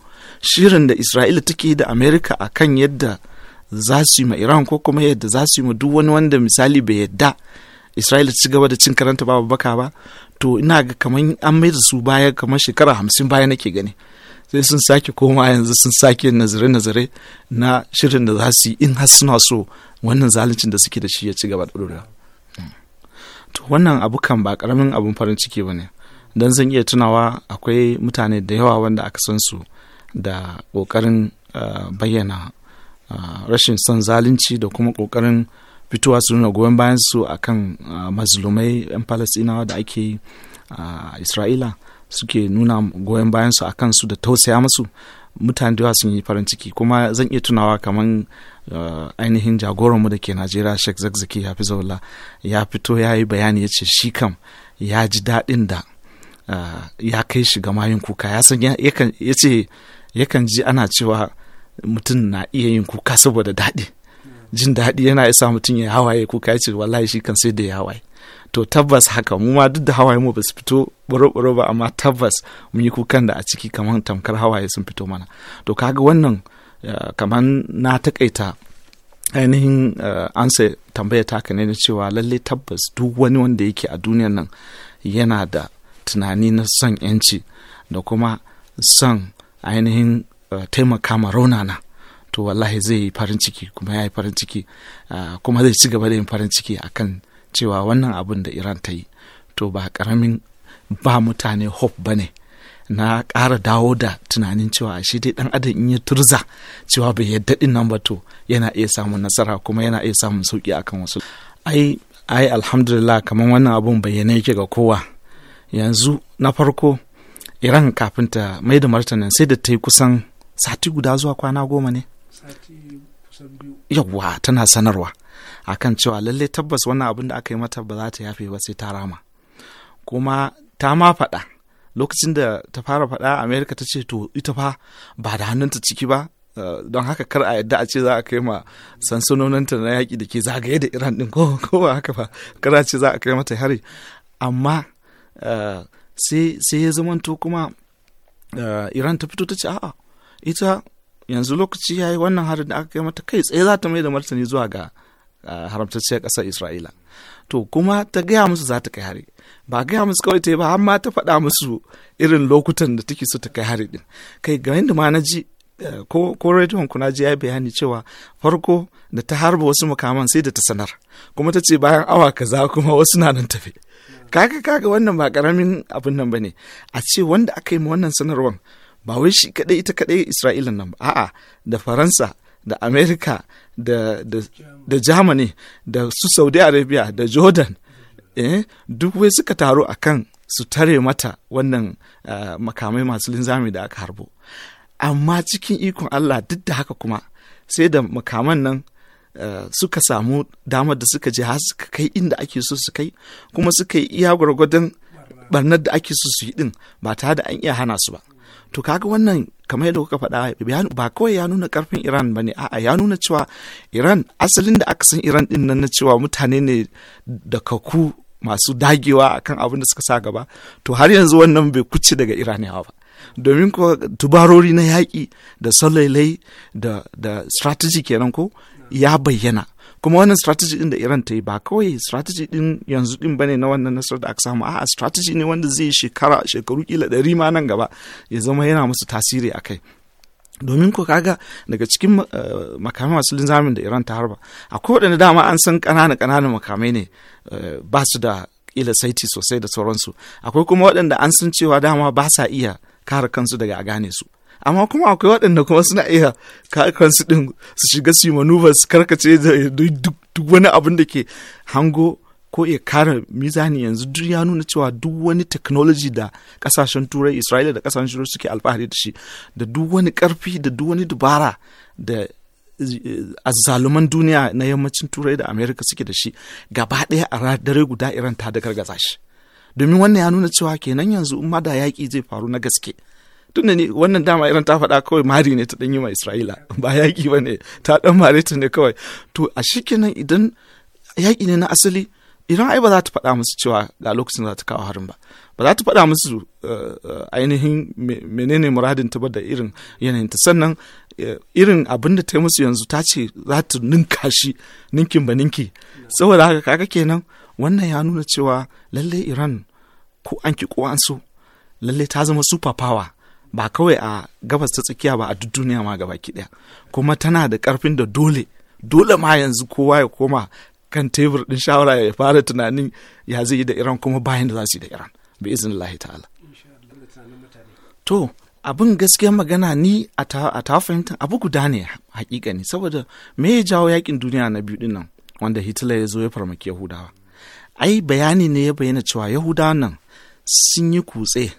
S5: shirin da isra'ila take da amerika a kan yadda za su yi ma iran ko kuma yadda za su yi ma duk wani wanda misali bai yadda isra'ila ci gaba da cin karanta babu baka ba to ina ga kaman an mai da su baya kamar shekara hamsin baya nake gani sai sun sake koma yanzu sun sake nazare-nazare na shirin da za su yi in har suna so wannan zaluncin da suke da shi ya ci gaba da to wannan abu kan ba karamin abun farin ciki ba ne don zan iya tunawa akwai mutane da yawa wanda aka san su da ƙoƙarin ah, bayyana ah, rashin son zalunci da kuma ƙoƙarin fitowa su nuna goyon bayan su akan mazlumai 'yan palestinawa da ake isra'ila suke nuna goyon bayan su akan su da tausaya musu mutane da sun yi farin ciki kuma zan iya tunawa kamar ainihin jagoranmu da ke najeriya sheikh zakzaki ya fi zaula ya fito ya yi bayani ya ce shi kam ya ji daɗin da ya kai shi ga yin kuka ya san ya ce yakan ji ana cewa mutum na iya yin kuka saboda daɗi jin daɗi yana isa mutum ya hawaye ko kai ce wallahi shi kan sai da ya hawaye to tabbas haka mu ma duk da hawaye mu ba su fito boro-boro ba amma tabbas mun yi kukan da a ciki kamar tamkar hawaye sun fito mana to kaga wannan eh, kamar na takaita ainihin eh, ansa tambaya taka ne na cewa lallai tabbas duk wani wanda yake a duniyar nan yana da tunani na son yanci da kuma son ainihin eh, taimaka ma raunana to wallahi zai yi farin ciki kuma ya yi farin ciki ah, kuma zai ci gaba da yin farin ciki a kan cewa wannan abun da iran ta yi to ba karamin ba mutane hope ba ne na ƙara dawo da tunanin cewa shi dai dan adam in ya turza cewa bai yadda ɗin nan ba to yana iya samun nasara kuma yana iya samun sauƙi akan wasu ai ai alhamdulillah kamar wannan abun bayyana yake ga kowa yanzu na farko iran kafin ta mai da martanin sai da ta yi kusan sati guda zuwa kwana goma ne yawwa tana sanarwa akan cewa lallai tabbas wannan abin da aka yi mata ba za ta yafe ba sai ta rama kuma ta ma faɗa lokacin da ta fara faɗa amerika ta ce to ita fa ba da hannunta ciki ba eh, don haka kar a yadda a ce za a kai ma sansanoninta na yaƙi da ke zagaye da iran ɗin (laughs) ko ba haka ba kar a ce za a kai mata hari amma eh, sai ya zamanto kuma eh, iran ta fito ta ce a'a ita yanzu lokaci ya yi wannan harin da aka kai mata kai tsaye za ta mai da martani zuwa ga haramtacciyar ƙasar isra'ila to kuma ta gaya musu za ta kai hari ba gaya musu kawai ta yi ba amma ta faɗa musu irin lokutan da take so ta kai hari din kai ga yadda ma na ji eh, ko rediyon kuna ji ya yi bayani cewa farko da ta harba wasu mukaman sai da ta sanar kuma ta ce bayan awa kaza kuma wasu na nan tafe kaga kaga wannan ba karamin abin nan bane a ce wanda aka yi ma wannan sanarwar ba wai shi kadai ita kadai isra'ila nan ba a'a da faransa da amerika da da da germany da su saudi arabia da jordan eh duk wai suka taro akan su tare mata wannan uh, makamai masu linzami da aka harbo amma cikin ikon allah duk da haka kuma sai da makaman nan Uh, suka samu damar da suka je har suka kai inda ake so su kai kuma suka yi iya gwargwadon barnar da ake so su yi din ba tare da an iya hana su ba to kaga wannan kamar yadda kuka faɗa ba kawai ya nuna karfin iran ba ne a'a ya nuna cewa iran asalin da aka san iran din nan na cewa mutane ne da kaku masu dagewa akan abin da suka sa gaba to har yanzu wannan bai kuce daga iraniyawa ba domin ko tubarori na yaƙi da salailai da, da strategy kenan ko ya bayyana kuma wannan strategy din da Iran ta yi ba kawai strategy din yanzu din bane na wannan nasarar da aka samu a'a strategy ne wanda zai shekara shekaru kila ɗari ma nan gaba ya zama yana musu tasiri a kai domin ko kaga daga cikin eh, makamai masu linzamin da Iran ta harba akwai waɗanda dama an san ƙananan ƙananan makamai ne eh, ba su da ila saiti sosai da sauransu akwai kuma waɗanda an san cewa dama ba sa iya kare kansu daga a gane su amma kuma akwai waɗanda kuma suna iya kakan su ɗin su shiga su yi su karkace da duk wani abin da ke hango ko iya kara mizani yanzu duk ya nuna cewa duk wani technology da kasashen turai isra'ila da kasashen turai suke alfahari da shi da duk wani karfi da duk wani dubara da eh, azzaluman duniya na yammacin turai da amerika suke da shi gaba ɗaya a dare guda iran ta da gargaza shi domin wannan ya nuna cewa kenan yanzu in da yaƙi zai faru na gaske tun da wannan dama irin ta faɗa kawai mari ne ta ɗanyi ma isra'ila (laughs) ba yaƙi ba ne ta ɗan mare ta ne kawai to a shi kenan idan yaƙi ne na asali iran ai ba za ta faɗa musu cewa ga lokacin za ta kawo harin ba ba za ta faɗa musu eh, ainihin menene muradin ta ba da irin yanayin ta sannan eh, irin abin da ta yi musu yanzu ta ce za ta ninka shi ninkin ba ninki saboda haka kaga kenan wannan ya nuna cewa lallai iran ko an ki ko an so lallai ta zama super power ba kawai a gabas ta tsakiya ba a duk duniya ma gaba daya kuma tana da karfin da dole dole ma yanzu kowa ya koma kan tebur ɗin shawara ya fara tunanin ya zai yi da iran kuma bayan da za su yi da iran bi lahi ta'ala to abin gaskiya magana ni a ta fahimtar abu guda ne hakika ne saboda me ya jawo yakin duniya na biyu dinnan wanda hitler ya zo ya farmaki yahudawa ai bayani ne ya bayyana cewa yahudawan nan sun yi kutse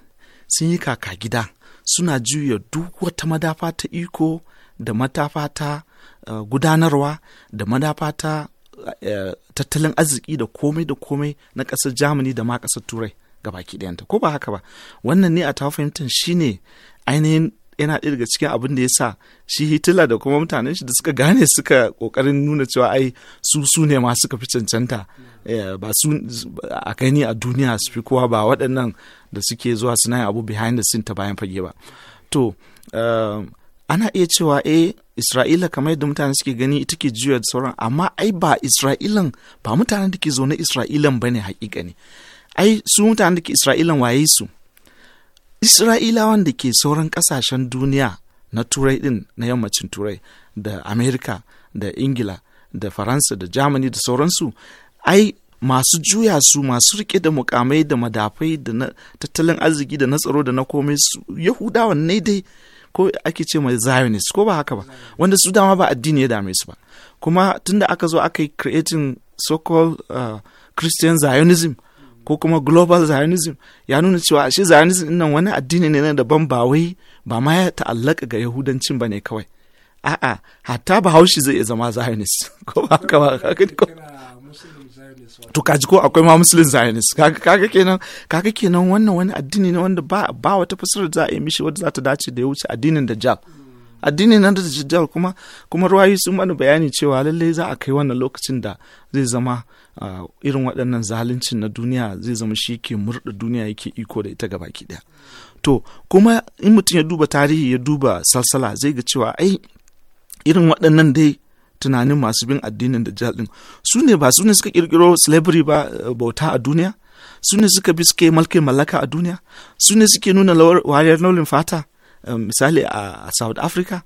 S5: sun yi kaka gida suna juya duk wata madafa ta iko da madafa ta uh, gudanarwa da madafa ta uh, tattalin arziki da komai da komai na ƙasar germany da ma ƙasar turai baki ɗayanta ko ba haka ba wannan ne a ta fahimtar shine ainihin yana ɗaya daga cikin abin da ya sa shi hitila da kuma mutanen shi da suka gane suka ƙoƙarin nuna cewa ai su su ne ma suka fi cancanta eh, ba su a gani a duniya su fi kowa ba waɗannan da suke zuwa suna yin abu behind the scene ta bayan fage ba to eh, ana iya cewa eh isra'ila kamar yadda mutane suke gani ita ke juya da sauran amma ai ba isra'ilan ba mutanen da ke zaune isra'ilan ba ne hakika ne ai su mutanen da ke isra'ilan waye su isra'ilawan da ke sauran kasashen duniya na turai din na yammacin turai da amerika da ingila da faransa da germany da sauransu ai masu juya su masu rike da mukamai da madafai da na tattalin arziki da na tsaro da na komai su yahudawan ne dai ko ake ce mai zionist ko ba haka ba wanda su dama ba addini ya dame su ba kuma tunda aka zo aka yi creating so called uh, christian zionism ko kuma global zionism ya nuna cewa ashe zionism nan wani addini ne na daban ba wai ba ma ya ta'allaka ga yahudancin ba ne kawai a'a hatta haushi zai zama zionist (laughs) ko ba haka ba to kaji ko akwai ma musulun zionist kaga kenan kaga kenan wannan wani addini ne wanda ba ba wata fasarar za a yi mishi wadda za ta dace da ya wuce addinin da dajjal addinin nan da dajjal kuma kuma ruwayi sun mana bayani cewa lallai za a kai wannan lokacin da zai zama irin waɗannan zaluncin na duniya zai zama shi ke murda duniya yake iko da ita gaba daya? to kuma in mutum ya duba tarihi ya duba salsala zai ga cewa ai irin waɗannan dai tunanin masu bin addinin jihar din su ne ba su ne suka kirkiro slavery ba eh, bauta a duniya su ne suka bi suke mulkin mallaka a duniya su ne suke nuna wariyar naulin fata eh, misali a south africa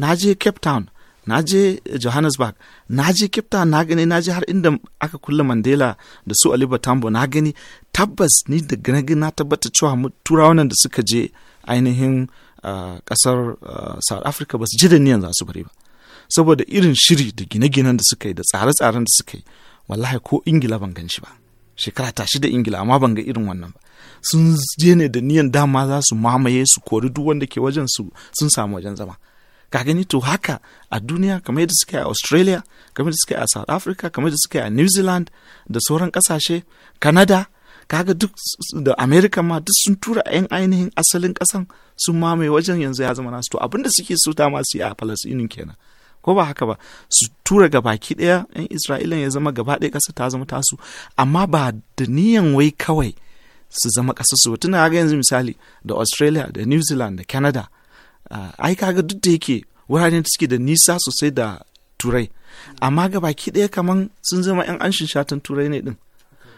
S5: na je cape town na je johannesburg na je cape town na gani na je har inda aka kulle mandela da su aliba tambo na gani tabbas ni da gani na tabbata cewa turawan da suka je ainihin kasar ah, ah, south africa ba su ji da niyan za su bari ba saboda irin shiri da gine-ginen da suka yi da tsare-tsaren da suka yi wallahi ko ingila ban gan shi ba shekara ta shida ingila amma ban ga irin wannan ba sun je ne da niyan dama za su mamaye su kori duk wanda ke wajen su sun samu wajen zama ka gani to haka a duniya kamar yadda suka yi a australia kamar yadda suka yi a south africa kamar yadda suka yi a new zealand da sauran kasashe canada kaga duk da america ma duk sun tura 'yan ainihin asalin kasan sun mamaye wajen yanzu ya zama nasu to abinda suke so ta masu yi a palestinian kenan ko ba haka ba su tura ga baki ɗaya yan isra'ilan ya zama gaba ɗaya ƙasa ta zama tasu amma ba da niyan wai kawai su zama ƙasa su tuna ga yanzu misali da australia da new zealand da canada ah, ai kaga duk da yake wuraren da suke da nisa sosai da turai amma ga baki ɗaya kaman sun zama 'yan anshin shatan turai ne ɗin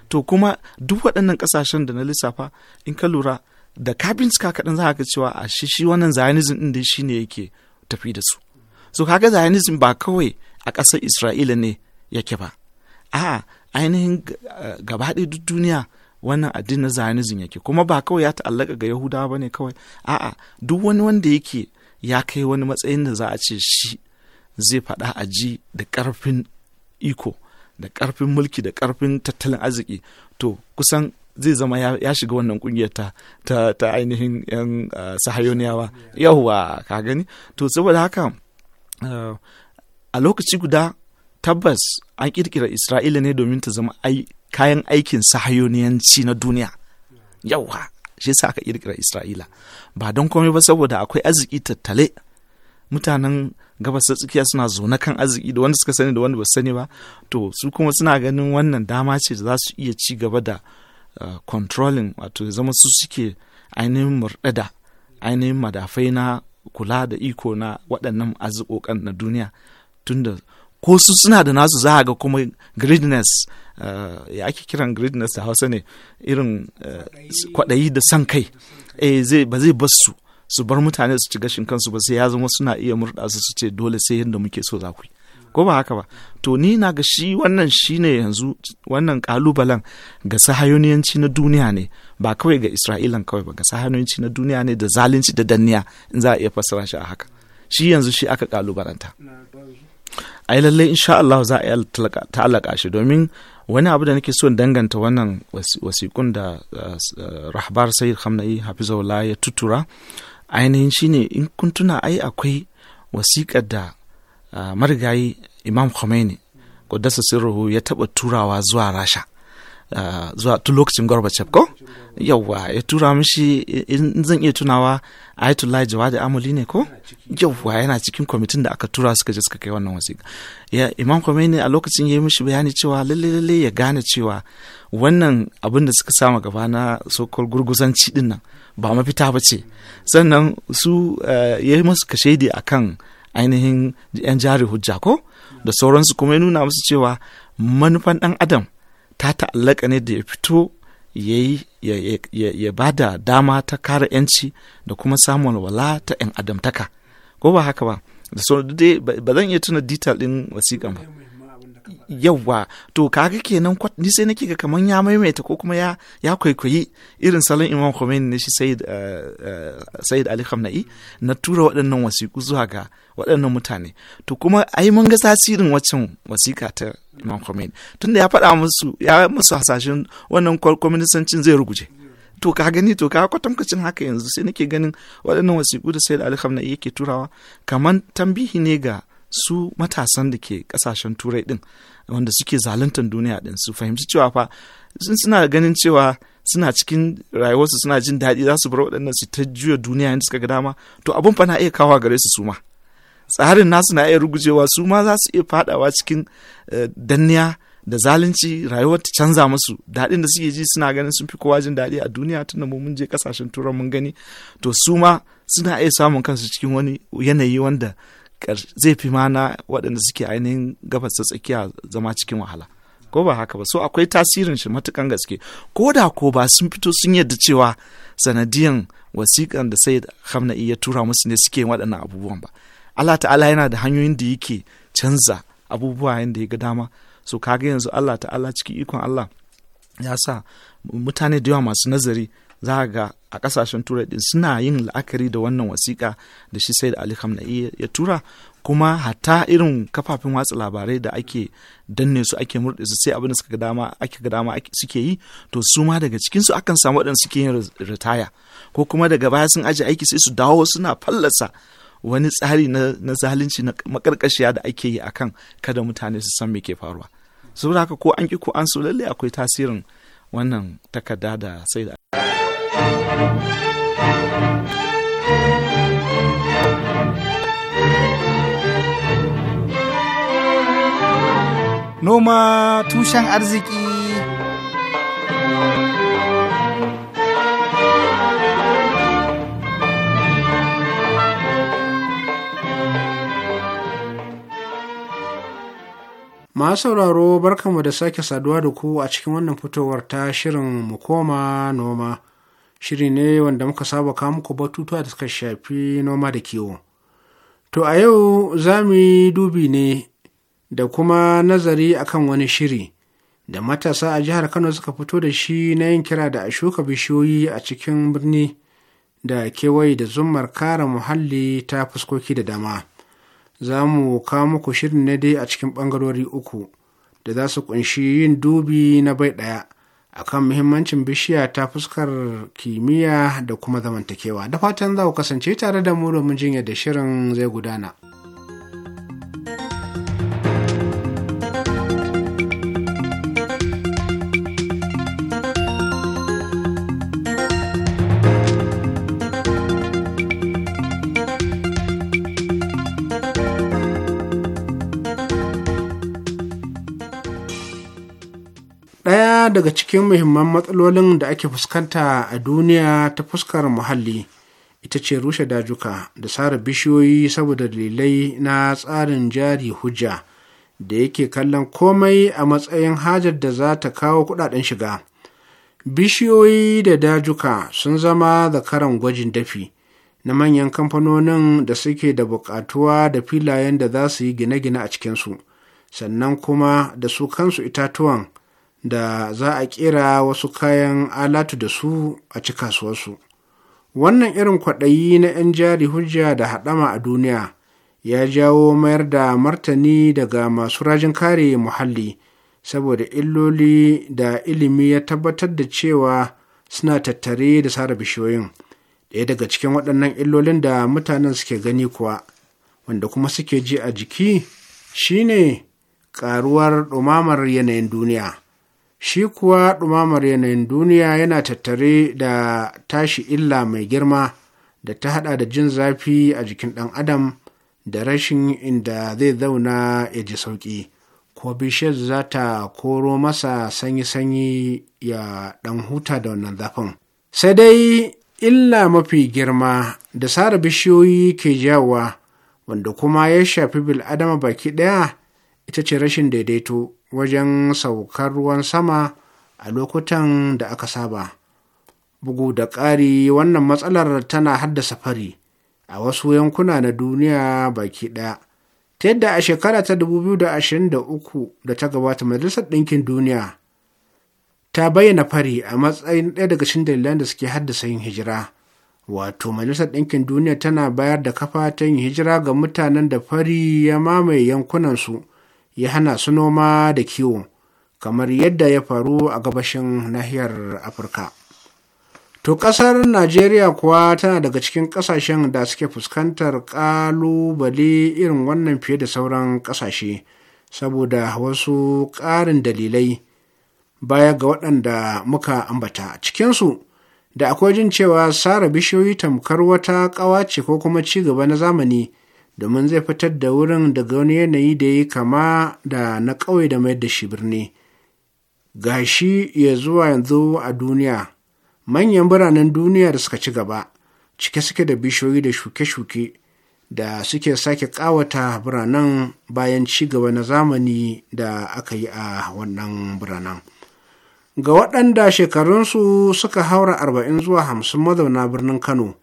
S5: to kuma duk waɗannan ƙasashen da na lissafa in ka lura da ka suka kaɗan za ka cewa a shi wannan zionism ɗin shi ne yake tafi da su so kaga zionism ba kawai a ƙasar isra'ila ne yake ba a ainihin eh, gabaɗe duk duniya wannan addinin zionism yake kuma ba kawai ya ta'allaka ga yahudawa ba ne kawai a'a duk wani wanda yake ya kai wani matsayin da za a ce shi zai faɗa a ji da ƙarfin iko da ƙarfin mulki da ƙarfin tattalin arziki to kusan zai zama ya shiga wannan kungiyar ta ta ainihin yan eh, sahayoniyawa yahuwa ka gani to saboda haka Eh, a lokaci guda tabbas an kirkira isra'ila ne domin ta zama kayan aikin sahayoniyanci na duniya yauwa shi sa aka kirkira isra'ila ba don komai ba saboda akwai arziki tattale mutanen gabas ta tsakiya suna zaune kan arziki da wanda suka sani da wanda ba sani ba to su kuma suna ganin wannan dama ce da za su iya ci gaba da eh, controlling wato zama su suke ainihin murɗa ainihin madafai na kula da iko na waɗannan arzikokan na duniya tunda ko su suna da nasu za a ga kuma greediness eh, ya ake kiran greediness da hausa ne irin eh, kwaɗayi da san kai eh, ba zai bar su su bar mutane su ci gashin kansu ba sai ya zama suna iya murɗa su su ce dole sai yadda muke so za ku yi ko ba haka ba to ni na ga shi wannan shine yanzu wannan ƙalubalen ga sahayoniyanci na duniya ne ba kawai ga isra'ilan kawai ba ga sahanunci na duniya ne da zalunci da danniya in za a iya fassara shi a haka shi yanzu shi aka kalubalanta a yi lallai insha Allah za a iya ta'alaka shi domin wani abu da nake so danganta wannan wasikun da uh, uh, rahbar sayyid hamna'i hafizullah ya tutura ainihin shine in kun tuna ai akwai wasikar da uh, marigayi imam khomeini kudasa sirruhu ya taɓa turawa zuwa rasha Ah, zuwa tun lokacin gorbachev ko yawwa ya tura mishi in zan iya tunawa ayatollah jawadi amuli ne ko yawwa yana cikin kwamitin da aka tura suka je suka kai wannan wasiƙa ya imam khomeini a lokacin ya yi mishi bayani cewa lalle lalle ya gane cewa wannan abin da suka sama gaba na sokol gurguzanci din nan ba mafita ba ce sannan su eh, ya yi masu a kan ainihin yan jari hujja ko da sauransu kuma ya nuna musu cewa manufan ɗan adam ta ta'allaka ne da ya fito ya yi ya ba da dama ta kara 'yanci da kuma samun wala ta 'yan adamtaka ko ba haka ba da dai ba zan iya tuna detail ɗin wasiƙan ba yawwa to kaga kenan ni sai nake ga kaman ya maimaita ko kuma ya ya kwaikwayi irin salon Imam Khomeini ne shi Said eh, eh, Said Ali Khamenei na tura waɗannan wasiku zuwa ga waɗannan mutane to kuma ai mun ga tasirin waccan wasika ta Imam Khomeini tunda ya faɗa musu ya musu hasashen wannan kwaminisancin zai ruguje to ka gani to ka cin haka yanzu sai nake ganin waɗannan wasiku da Said Ali Khamenei yake turawa kaman tambihi ne ga su matasan da ke kasashen turai din wanda suke zaluntar duniya din su fahimci cewa fa suna ganin cewa suna cikin rayuwarsu suna jin daɗi za su bar waɗannan su ta juya duniya yadda suka ga dama to abin fa na iya kawo gare su su ma. tsarin nasu na iya rugujewa su ma za su iya faɗawa cikin eh, danniya da zalunci rayuwar ta canza musu daɗin da suke ji suna ganin sun fi kowa jin daɗi a duniya tunda mu mun je kasashen Turai mun gani to su ma suna iya samun kansu cikin wani yanayi wanda zai fi mana waɗanda suke ainihin gabas ta tsakiya zama cikin wahala ko ba haka ba so akwai tasirin shi matukan gaske ko da ko ba sun fito sun yadda cewa sanadiyan wasiƙan da sai hamna iya tura musu ne suke waɗannan abubuwan ba Allah ta'ala yana da hanyoyin da yake canza abubuwa yadda ya ga dama so kaga yanzu Allah ta'ala cikin ikon Allah ya sa mutane da yawa masu nazari za ga a kasashen turai din suna yin la'akari da wannan wasiƙa da shi sai da ali khamenei ya tura kuma hata irin kafafen watsa labarai da ake danne su ake murɗe su sai abin da suka dama ake ga dama suke yi to su ma daga cikin su akan samu waɗanda suke yin ritaya ko kuma daga baya sun aje aiki sai su dawo suna fallasa wani tsari na zalunci na makarkashiya da ake yi akan kada mutane su san me ke faruwa saboda haka ko an ki ko an so lalle akwai tasirin wannan takarda da sai da Noma tushen arziki
S7: Masu sauraro barkanmu da sake saduwa da ku a cikin wannan fitowar ta shirin mu koma noma shiri ne wanda muka saba kawo muku batutuwa da suka shafi noma da kiwo. To a yau za mu yi dubi ne da kuma nazari akan wani shiri da matasa a jihar Kano suka fito da shi na yin kira da a shuka bishiyoyi a cikin birni da kewaye da zumar kare muhalli ta fuskoki da dama. Za mu kawo muku shirin ne dai a cikin ɓangarori uku da za su kunshi yin dubi na bai ɗaya. akan muhimmancin bishiya ta fuskar kimiyya da kuma zamantakewa da fatan za ku kasance tare da mu domin jinya da shirin zai gudana. daga cikin muhimman matsalolin da ake fuskanta a duniya ta fuskar muhalli ita ce rushe dajuka da sare bishiyoyi saboda dalilai na tsarin jari hujja da yake kallon komai a matsayin hajar da za ta kawo kudaden shiga bishiyoyi da dajuka sun zama da zakaran gwajin dafi na manyan kamfanonin da suke da bukatuwa da filayen da za su yi gine-gine a cikinsu sannan kuma da su kansu itatuwan da za a ƙera wasu kayan alatu da su a ci kasuwarsu. Wannan irin kwaɗayi na 'yan jari hujja da haɗama a duniya ya jawo mayar da martani daga masu rajin kare muhalli saboda illoli da ilimi ya tabbatar da cewa suna tattare da sare bishiyoyin. Ɗaya daga cikin waɗannan illolin da mutanen suke gani kuwa, wanda kuma suke ji a jiki, shine ƙaruwar ɗumamar yanayin duniya. shi kuwa ɗumamar yanayin duniya yana tattare da tashi illa mai girma da ta haɗa da jin zafi a jikin ɗan adam da rashin inda zai zauna ya ji sauƙi ko bishiyar za ta koro masa sanyi-sanyi ya ɗan huta da wannan zafin sai dai illa mafi girma da sara bishiyoyi ke jawa wanda kuma ya shafi bil'adama baki ɗaya ita ce rashin daidaito wajen saukar ruwan sama a lokutan da aka saba bugu da ƙari wannan matsalar tana haddasa fari a wasu yankuna na duniya baki ɗaya ta yadda a shekara ta 2023 da ta gabata majalisar ɗinkin duniya ta bayyana fari a matsayin ɗaya daga cikin dalilan da suke haddasa yin hijira wato majalisar ɗinkin duniya tana bayar da kafa ta yin hijira ga mutanen da fari ya mamaye yankunansu ya hana su noma da kiwo kamar yadda ya faru a gabashin nahiyar afirka to kasar najeriya kuwa tana daga cikin kasashen da suke fuskantar kalubale irin wannan fiye da sauran kasashe saboda wasu ƙarin dalilai baya ga waɗanda muka ambata cikinsu da akwai jin cewa sara bishiyoyi tamkar wata ƙawa ce ko kuma ci gaba na zamani domin zai fitar da wurin daga wani yanayi da ya kama da na ƙauye da mai da shi birni gashi ya zuwa yanzu a duniya manyan biranen duniya da suka ci gaba cike suke da bishiyoyi da shuke-shuke da suke sake ƙawata biranen bayan ci gaba na zamani da aka yi a wannan biranen ga waɗanda shekarunsu suka haura arba'in zuwa hamsin mazauna birnin kano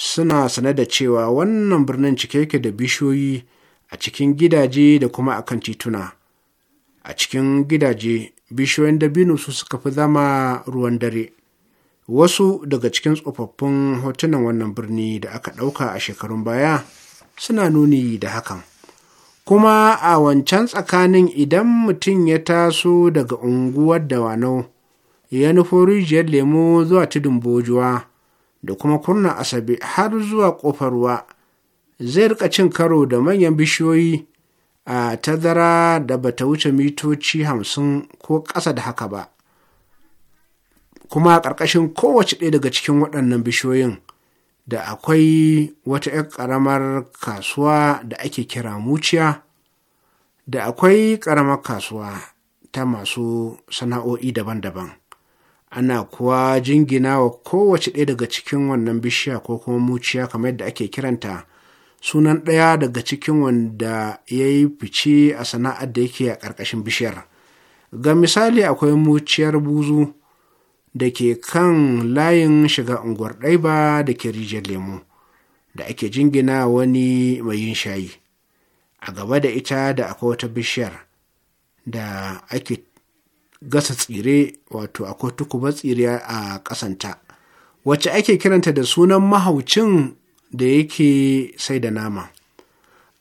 S7: suna sane da cewa wannan birnin cike yake da bishiyoyi a cikin gidaje da kuma a kan tituna a cikin gidaje bishiyoyin dabino su suka fi zama ruwan dare wasu daga cikin tsofaffin hotunan wannan birni da aka ɗauka a shekarun baya suna nuni da hakan kuma a wancan tsakanin idan mutum ya taso daga unguwar dawanau ya nufo rijiyar lemo zuwa tudun bojuwa da kuma kurna asabe har zuwa ƙofar ruwa zai rika cin karo da manyan bishiyoyi a tazara da ba ta wuce mitoci hamsin ko ƙasa da haka ba kuma a ƙarƙashin kowace ɗaya daga cikin waɗannan bishiyoyin da akwai wata 'yar ƙaramar kasuwa da ake kira muciya da akwai ƙaramar kasuwa ta masu sana'o'i daban-daban ana kuwa jingina wa kowace ɗaya daga cikin wannan bishiya ko kuma muciya kamar yadda ake kiranta sunan ɗaya daga cikin wanda ya yi fice a sana'ar da yake a ƙarƙashin bishiyar ga misali akwai muciyar buzu da ke kan layin shiga unguwar ɗaiba da ke rijiyar lemu da ake jingina wani mai yin shayi a gaba da ita da akwai wata bishiyar da ake gasa tsire wato akwai tukuba tsire a ƙasanta wacce ake kiranta da sunan mahaucin da yake sai da nama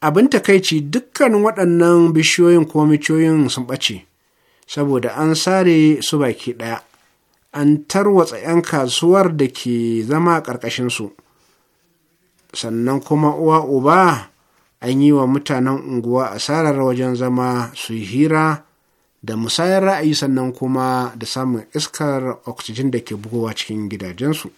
S7: abin takaici dukkan waɗannan bishiyoyin ko miciyoyin sun ɓace saboda an sare su baki ɗaya an tarwatsa 'yan kasuwar da ke zama ƙarƙashinsu sannan kuma uwa uba an yi wa mutanen unguwa asarar wajen zama su hira da musayar ra'ayi sannan kuma da samun iskar oxygen da ke bugowa cikin gidajensu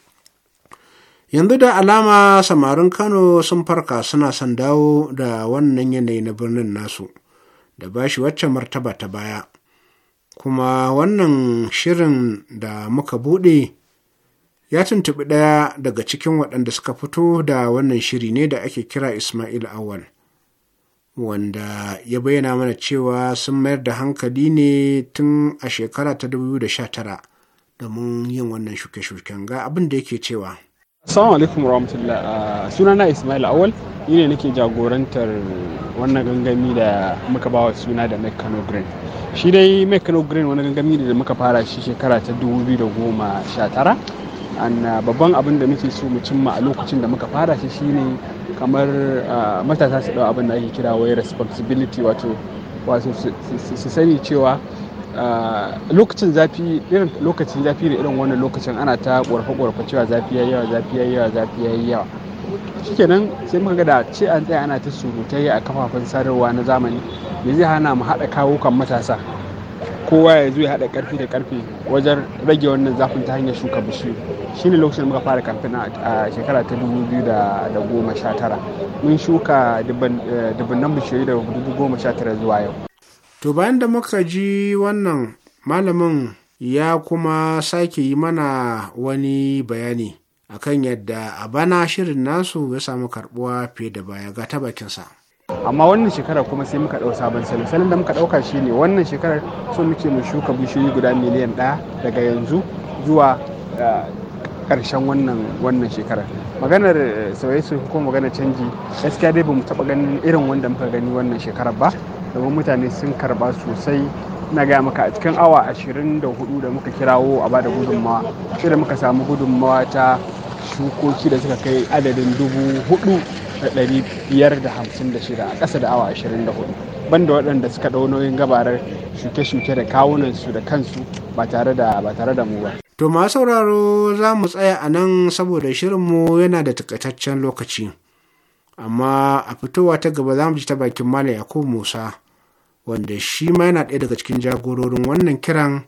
S7: yanzu da alama samarin kano sun farka suna son dawo da wannan yanayi na birnin nasu da ba shi wacce martaba ta baya kuma wannan shirin da muka buɗe ya tuntuɓi ɗaya daga cikin waɗanda suka fito da wannan shiri ne da ake kira ismail awal wanda ya bayyana mana cewa sun mayar da hankali ne tun a shekara ta 2019 domin yin wannan shuke-shuken ga abin da yake cewa. Assalamu alaikum suna ah, sunana Ismail
S2: Awal ni ne nake jagorantar wannan gangami da muka bawa suna da Mekano Green. Shi dai Mekano Green wani gangami da muka fara shi shekara ta 2019 an ah, babban abin da muke so mu cimma a lokacin da muka fara shi shine kamar matasa su ɗau abin da ake kira wai responsibility wato wato su sani cewa lokacin zafi irin lokacin zafi da irin wannan lokacin ana ta ƙorafe ƙorafe cewa zafi ya yawa zafi ya yawa zafi ya yawa shikenan sai muka ga da ce an tsaya ana ta surutai a kafafen sadarwa na zamani me zai hana mu haɗa kawo kan matasa kowa ya zo ya haɗa karfi da karfe wajen rage wannan zafin ta hanyar shuka bishiyu shine lokacin muka fara kamfen a shekara ta 2019
S7: mun shuka dubunan eh, bishiyu da 2019 zuwa yau to bayan da muka ji wannan malamin ya kuma sake yi mana wani bayani akan yadda a bana shirin nasu ya samu karbuwa fiye da baya ga ta amma wannan shekarar kuma sai muka ɗau sabon salo salon da muka ɗauka shine
S2: wannan shekarar so muke mu shuka bishiyoyi guda miliyan ɗaya daga yanzu zuwa karshen eh, wannan wannan shekarar maganar eh, sauye su ko maganar canji gaskiya dai ba mu taɓa ganin irin wanda muka gani wannan shekarar ba domin mutane sun karba sosai na gaya maka a cikin awa 24 da muka kirawo a bada gudunmawa shi da muka samu gudunmawa ta shukoki da suka kai adadin dubu hudu 556 a ƙasa da awa 24 banda waɗanda suka ɗau nauyin gabarar
S7: shuke-shuke da kawunansu da kansu ba tare da ba tare da mu ba. To ma sauraro za mu tsaya a nan saboda shirinmu yana da takaitaccen lokaci. Amma a fitowa ta gaba za mu ji ta bakin Malam Yakubu Musa wanda shi ma yana ɗaya daga cikin jagororin wannan kiran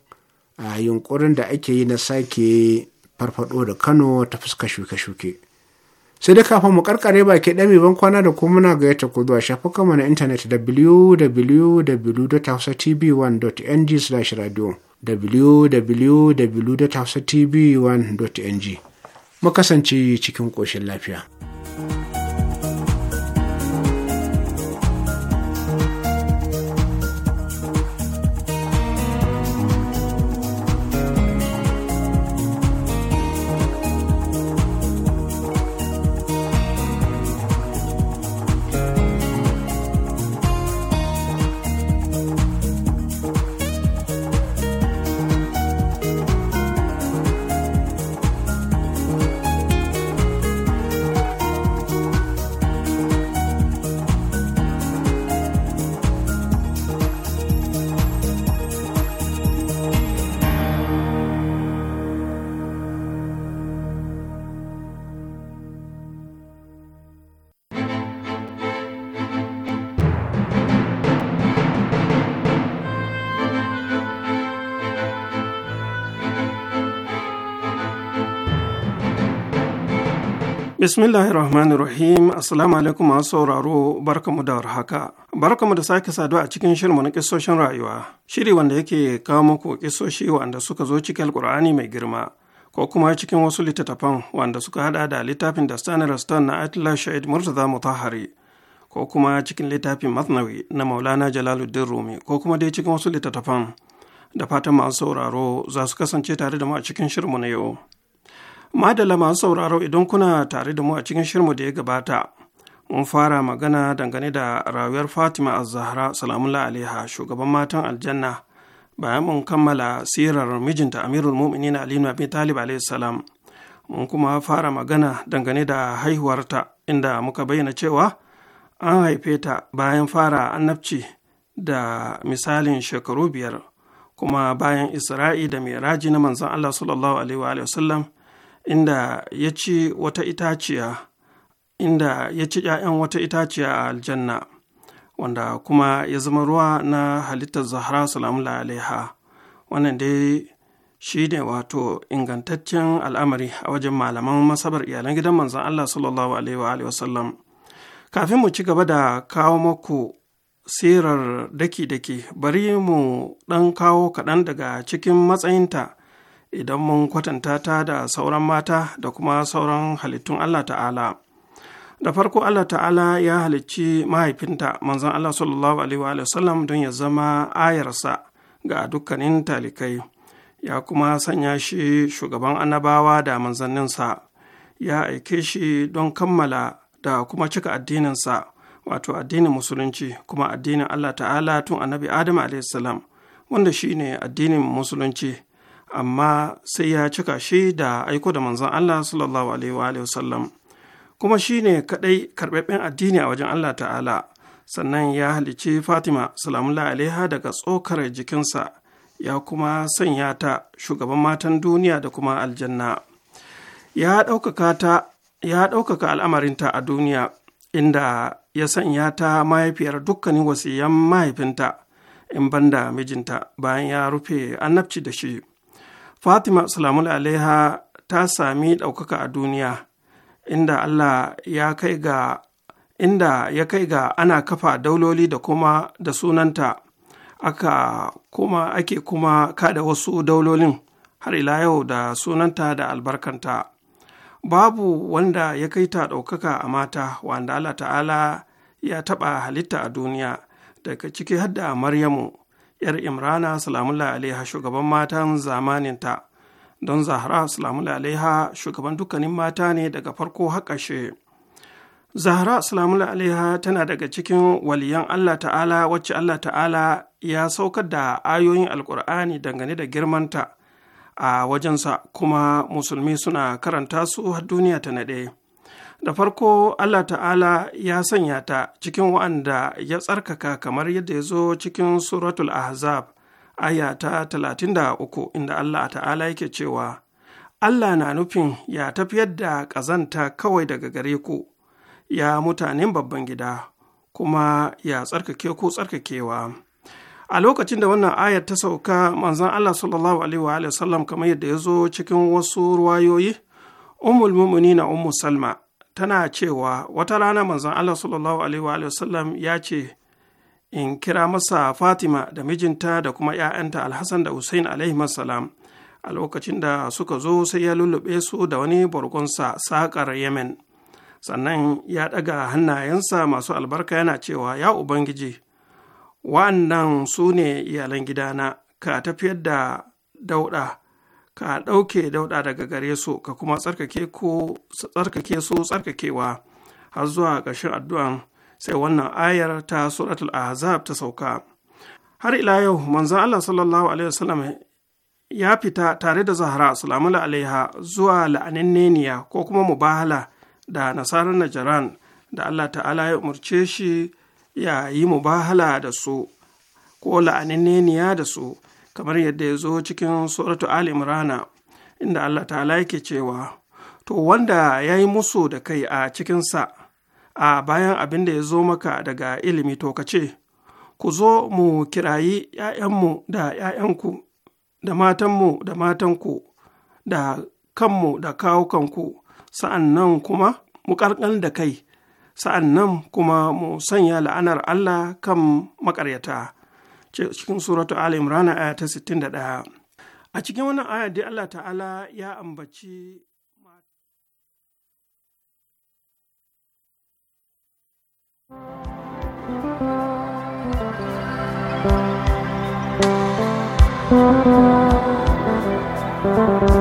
S7: a yunkurin da ake yi na sake farfaɗo da Kano ta fuska shuke-shuke. sai da kafin mu karkare baki mai ban kwana da kuma muna gayyata ku zuwa mu na intanet www.hausatv1.ng/radio www.hausatv1.ng mu kasance cikin ƙoshin lafiya.
S1: Bismillahir Rahmanir Rahim. Assalamu alaikum masu sauraro barkamu da warhaka. Barkamu da sake saduwa a cikin mu na kisoshin rayuwa. Shiri wanda yake kawo muku kisoshi wanda suka zo cikin Alkur'ani mai girma ko kuma cikin wasu littattafan wanda suka hada da littafin da Stanley Stone na atla Shahid Murtaza Mutahari ko kuma cikin littafin Masnawi na Maulana Jalaluddin Rumi ko kuma dai cikin wasu littattafan da fatan masu sauraro za su kasance tare da mu a cikin mu na yau. Madala masu sauraro idan kuna tare da mu a cikin shirmu da ya gabata, mun fara magana dangane da rayuwar Fatima a zahra salamullah alaiha shugaban matan aljanna bayan mun kammala sirar mijinta Amirul Mu'minin Ali ibn Abi Talib alaihi salam. Mun kuma fara magana dangane da haihuwarta inda muka bayyana cewa an haife ta bayan fara annabci da misalin shekaru biyar kuma bayan Isra'i da Miraji na manzon Allah sallallahu alaihi wa sallam inda ya ci wata itaciya inda ya ci ‘ya'yan wata itaciya a aljanna wanda kuma ya zama ruwa na halittar zahra salamu alaiha wannan dai shi ne wato ingantaccen al'amari a wajen malaman masabar iyalan gidan manzan Allah sallallahu alaihi wasallam kafin mu ci gaba da kawo maku sirar daki-daki bari mu ɗan kawo kaɗan daga cikin matsayinta idan mun kwatanta ta da sauran mata da kuma sauran halittun Allah ta'ala. Da farko Allah ta'ala ya halicci mahaifinta manzon Allah sallallahu Alaihi wasallam don ya zama ayarsa ga dukkanin talikai, ya kuma sanya shi shugaban annabawa da manzanninsa, ya aike shi don kammala da kuma cika addininsa, wato addinin musulunci kuma addinin Allah ta'ala tun annabi Adam wanda shi ne addinin musulunci. amma sai ya cika shi da aiko da manzon Allah sallallahu alaihi wasallam kuma shi ne kaɗai karɓaɓɓen addini a wajen Allah ta'ala sannan ya halicci Fatima salamullah alaiha daga tsokar jikinsa ya kuma sanya ta shugaban matan duniya da kuma aljanna ya ɗaukaka ya ɗaukaka al'amarinta a duniya inda ya sanya ta mahaifiyar dukkanin wasiyan mahaifinta in banda mijinta bayan ya rufe annabci da shi fatima salamun alaiha ta sami ɗaukaka a duniya inda allah ya kai ga inda ya kai ga ana kafa dauloli da kuma da sunanta aka kuma ake kuma kada wasu daulolin har ila yau da sunanta da albarkanta babu wanda ya kai ta ɗaukaka a mata wanda allah ta'ala ya taɓa halitta a duniya daga ciki hadda maryamu 'yar imrana salamullah alaiha shugaban matan zamaninta don zahra salamullah alaiha shugaban dukkanin mata ne daga farko haƙashe zahra salamullah alaiha tana daga cikin waliyan allah ta'ala wacce allah ta'ala ya saukar da ayoyin alkur'ani dangane da girmanta a wajensa kuma musulmi suna karanta su har duniya ta naɗe da farko Allah ta'ala ya sanya ta cikin wa'anda ya tsarkaka kamar yadda ya zo cikin suratul ahzab aya ta 33 inda Allah ta'ala yake cewa Allah na nufin ya tafiyar da ƙazanta kawai daga gare ku ya mutanen babban gida kuma ya tsarkake ku tsarkakewa a lokacin da wannan ayar ta sauka manzon Allah sallallahu alaihi wa sallam kamar yadda ya zo cikin wasu ruwayoyi ummul na ummu salma tana cewa wata rana manzon Allah sallallahu alaihi wa ya ce in kira masa Fatima da mijinta da kuma ‘ya'yanta Alhassan da Hussein alaihi salam a lokacin da suka zo sai ya lullube su da wani bargonsa saƙar Yemen. Sannan ya ɗaga hannayensa masu albarka yana cewa, “Ya Ubangiji, wa'annan su ne iyalan gidana, ka tafiyar da dauɗa ka ɗauke dauɗa daga gare su ka kuma tsarkake ko tsarkake su tsarkakewa har zuwa ƙarshen addu'an sai wannan ayar ta suratul ahzab ta sauka har ila yau manzon Allah sallallahu alaihi wasallam ya fita tare da Zahra salamu alaiha zuwa la'ananneniya ko kuma mubahala da nasarar Najaran da Allah ta'ala ya umarce shi ya yi mubahala da su ko neniya da su kamar yadda ya zo cikin suratu ali rana inda allah ta'ala yake cewa to wanda ya yi musu da kai a cikinsa a bayan abin da ya zo maka daga ilimi to ka ce ku zo mu kirayi ‘ya'yanmu da ‘ya'yanku da matanmu da matanku da kanmu da kawukanku sa'an nan kuma mu ƙarƙar da kai sa'an nan kuma mu sanya la'anar Allah kan maƙaryata cikin suratu al imran aya ta sittin da ɗaya. a cikin wannan aya dai Allah ta'ala ya ambaci
S3: Thank you.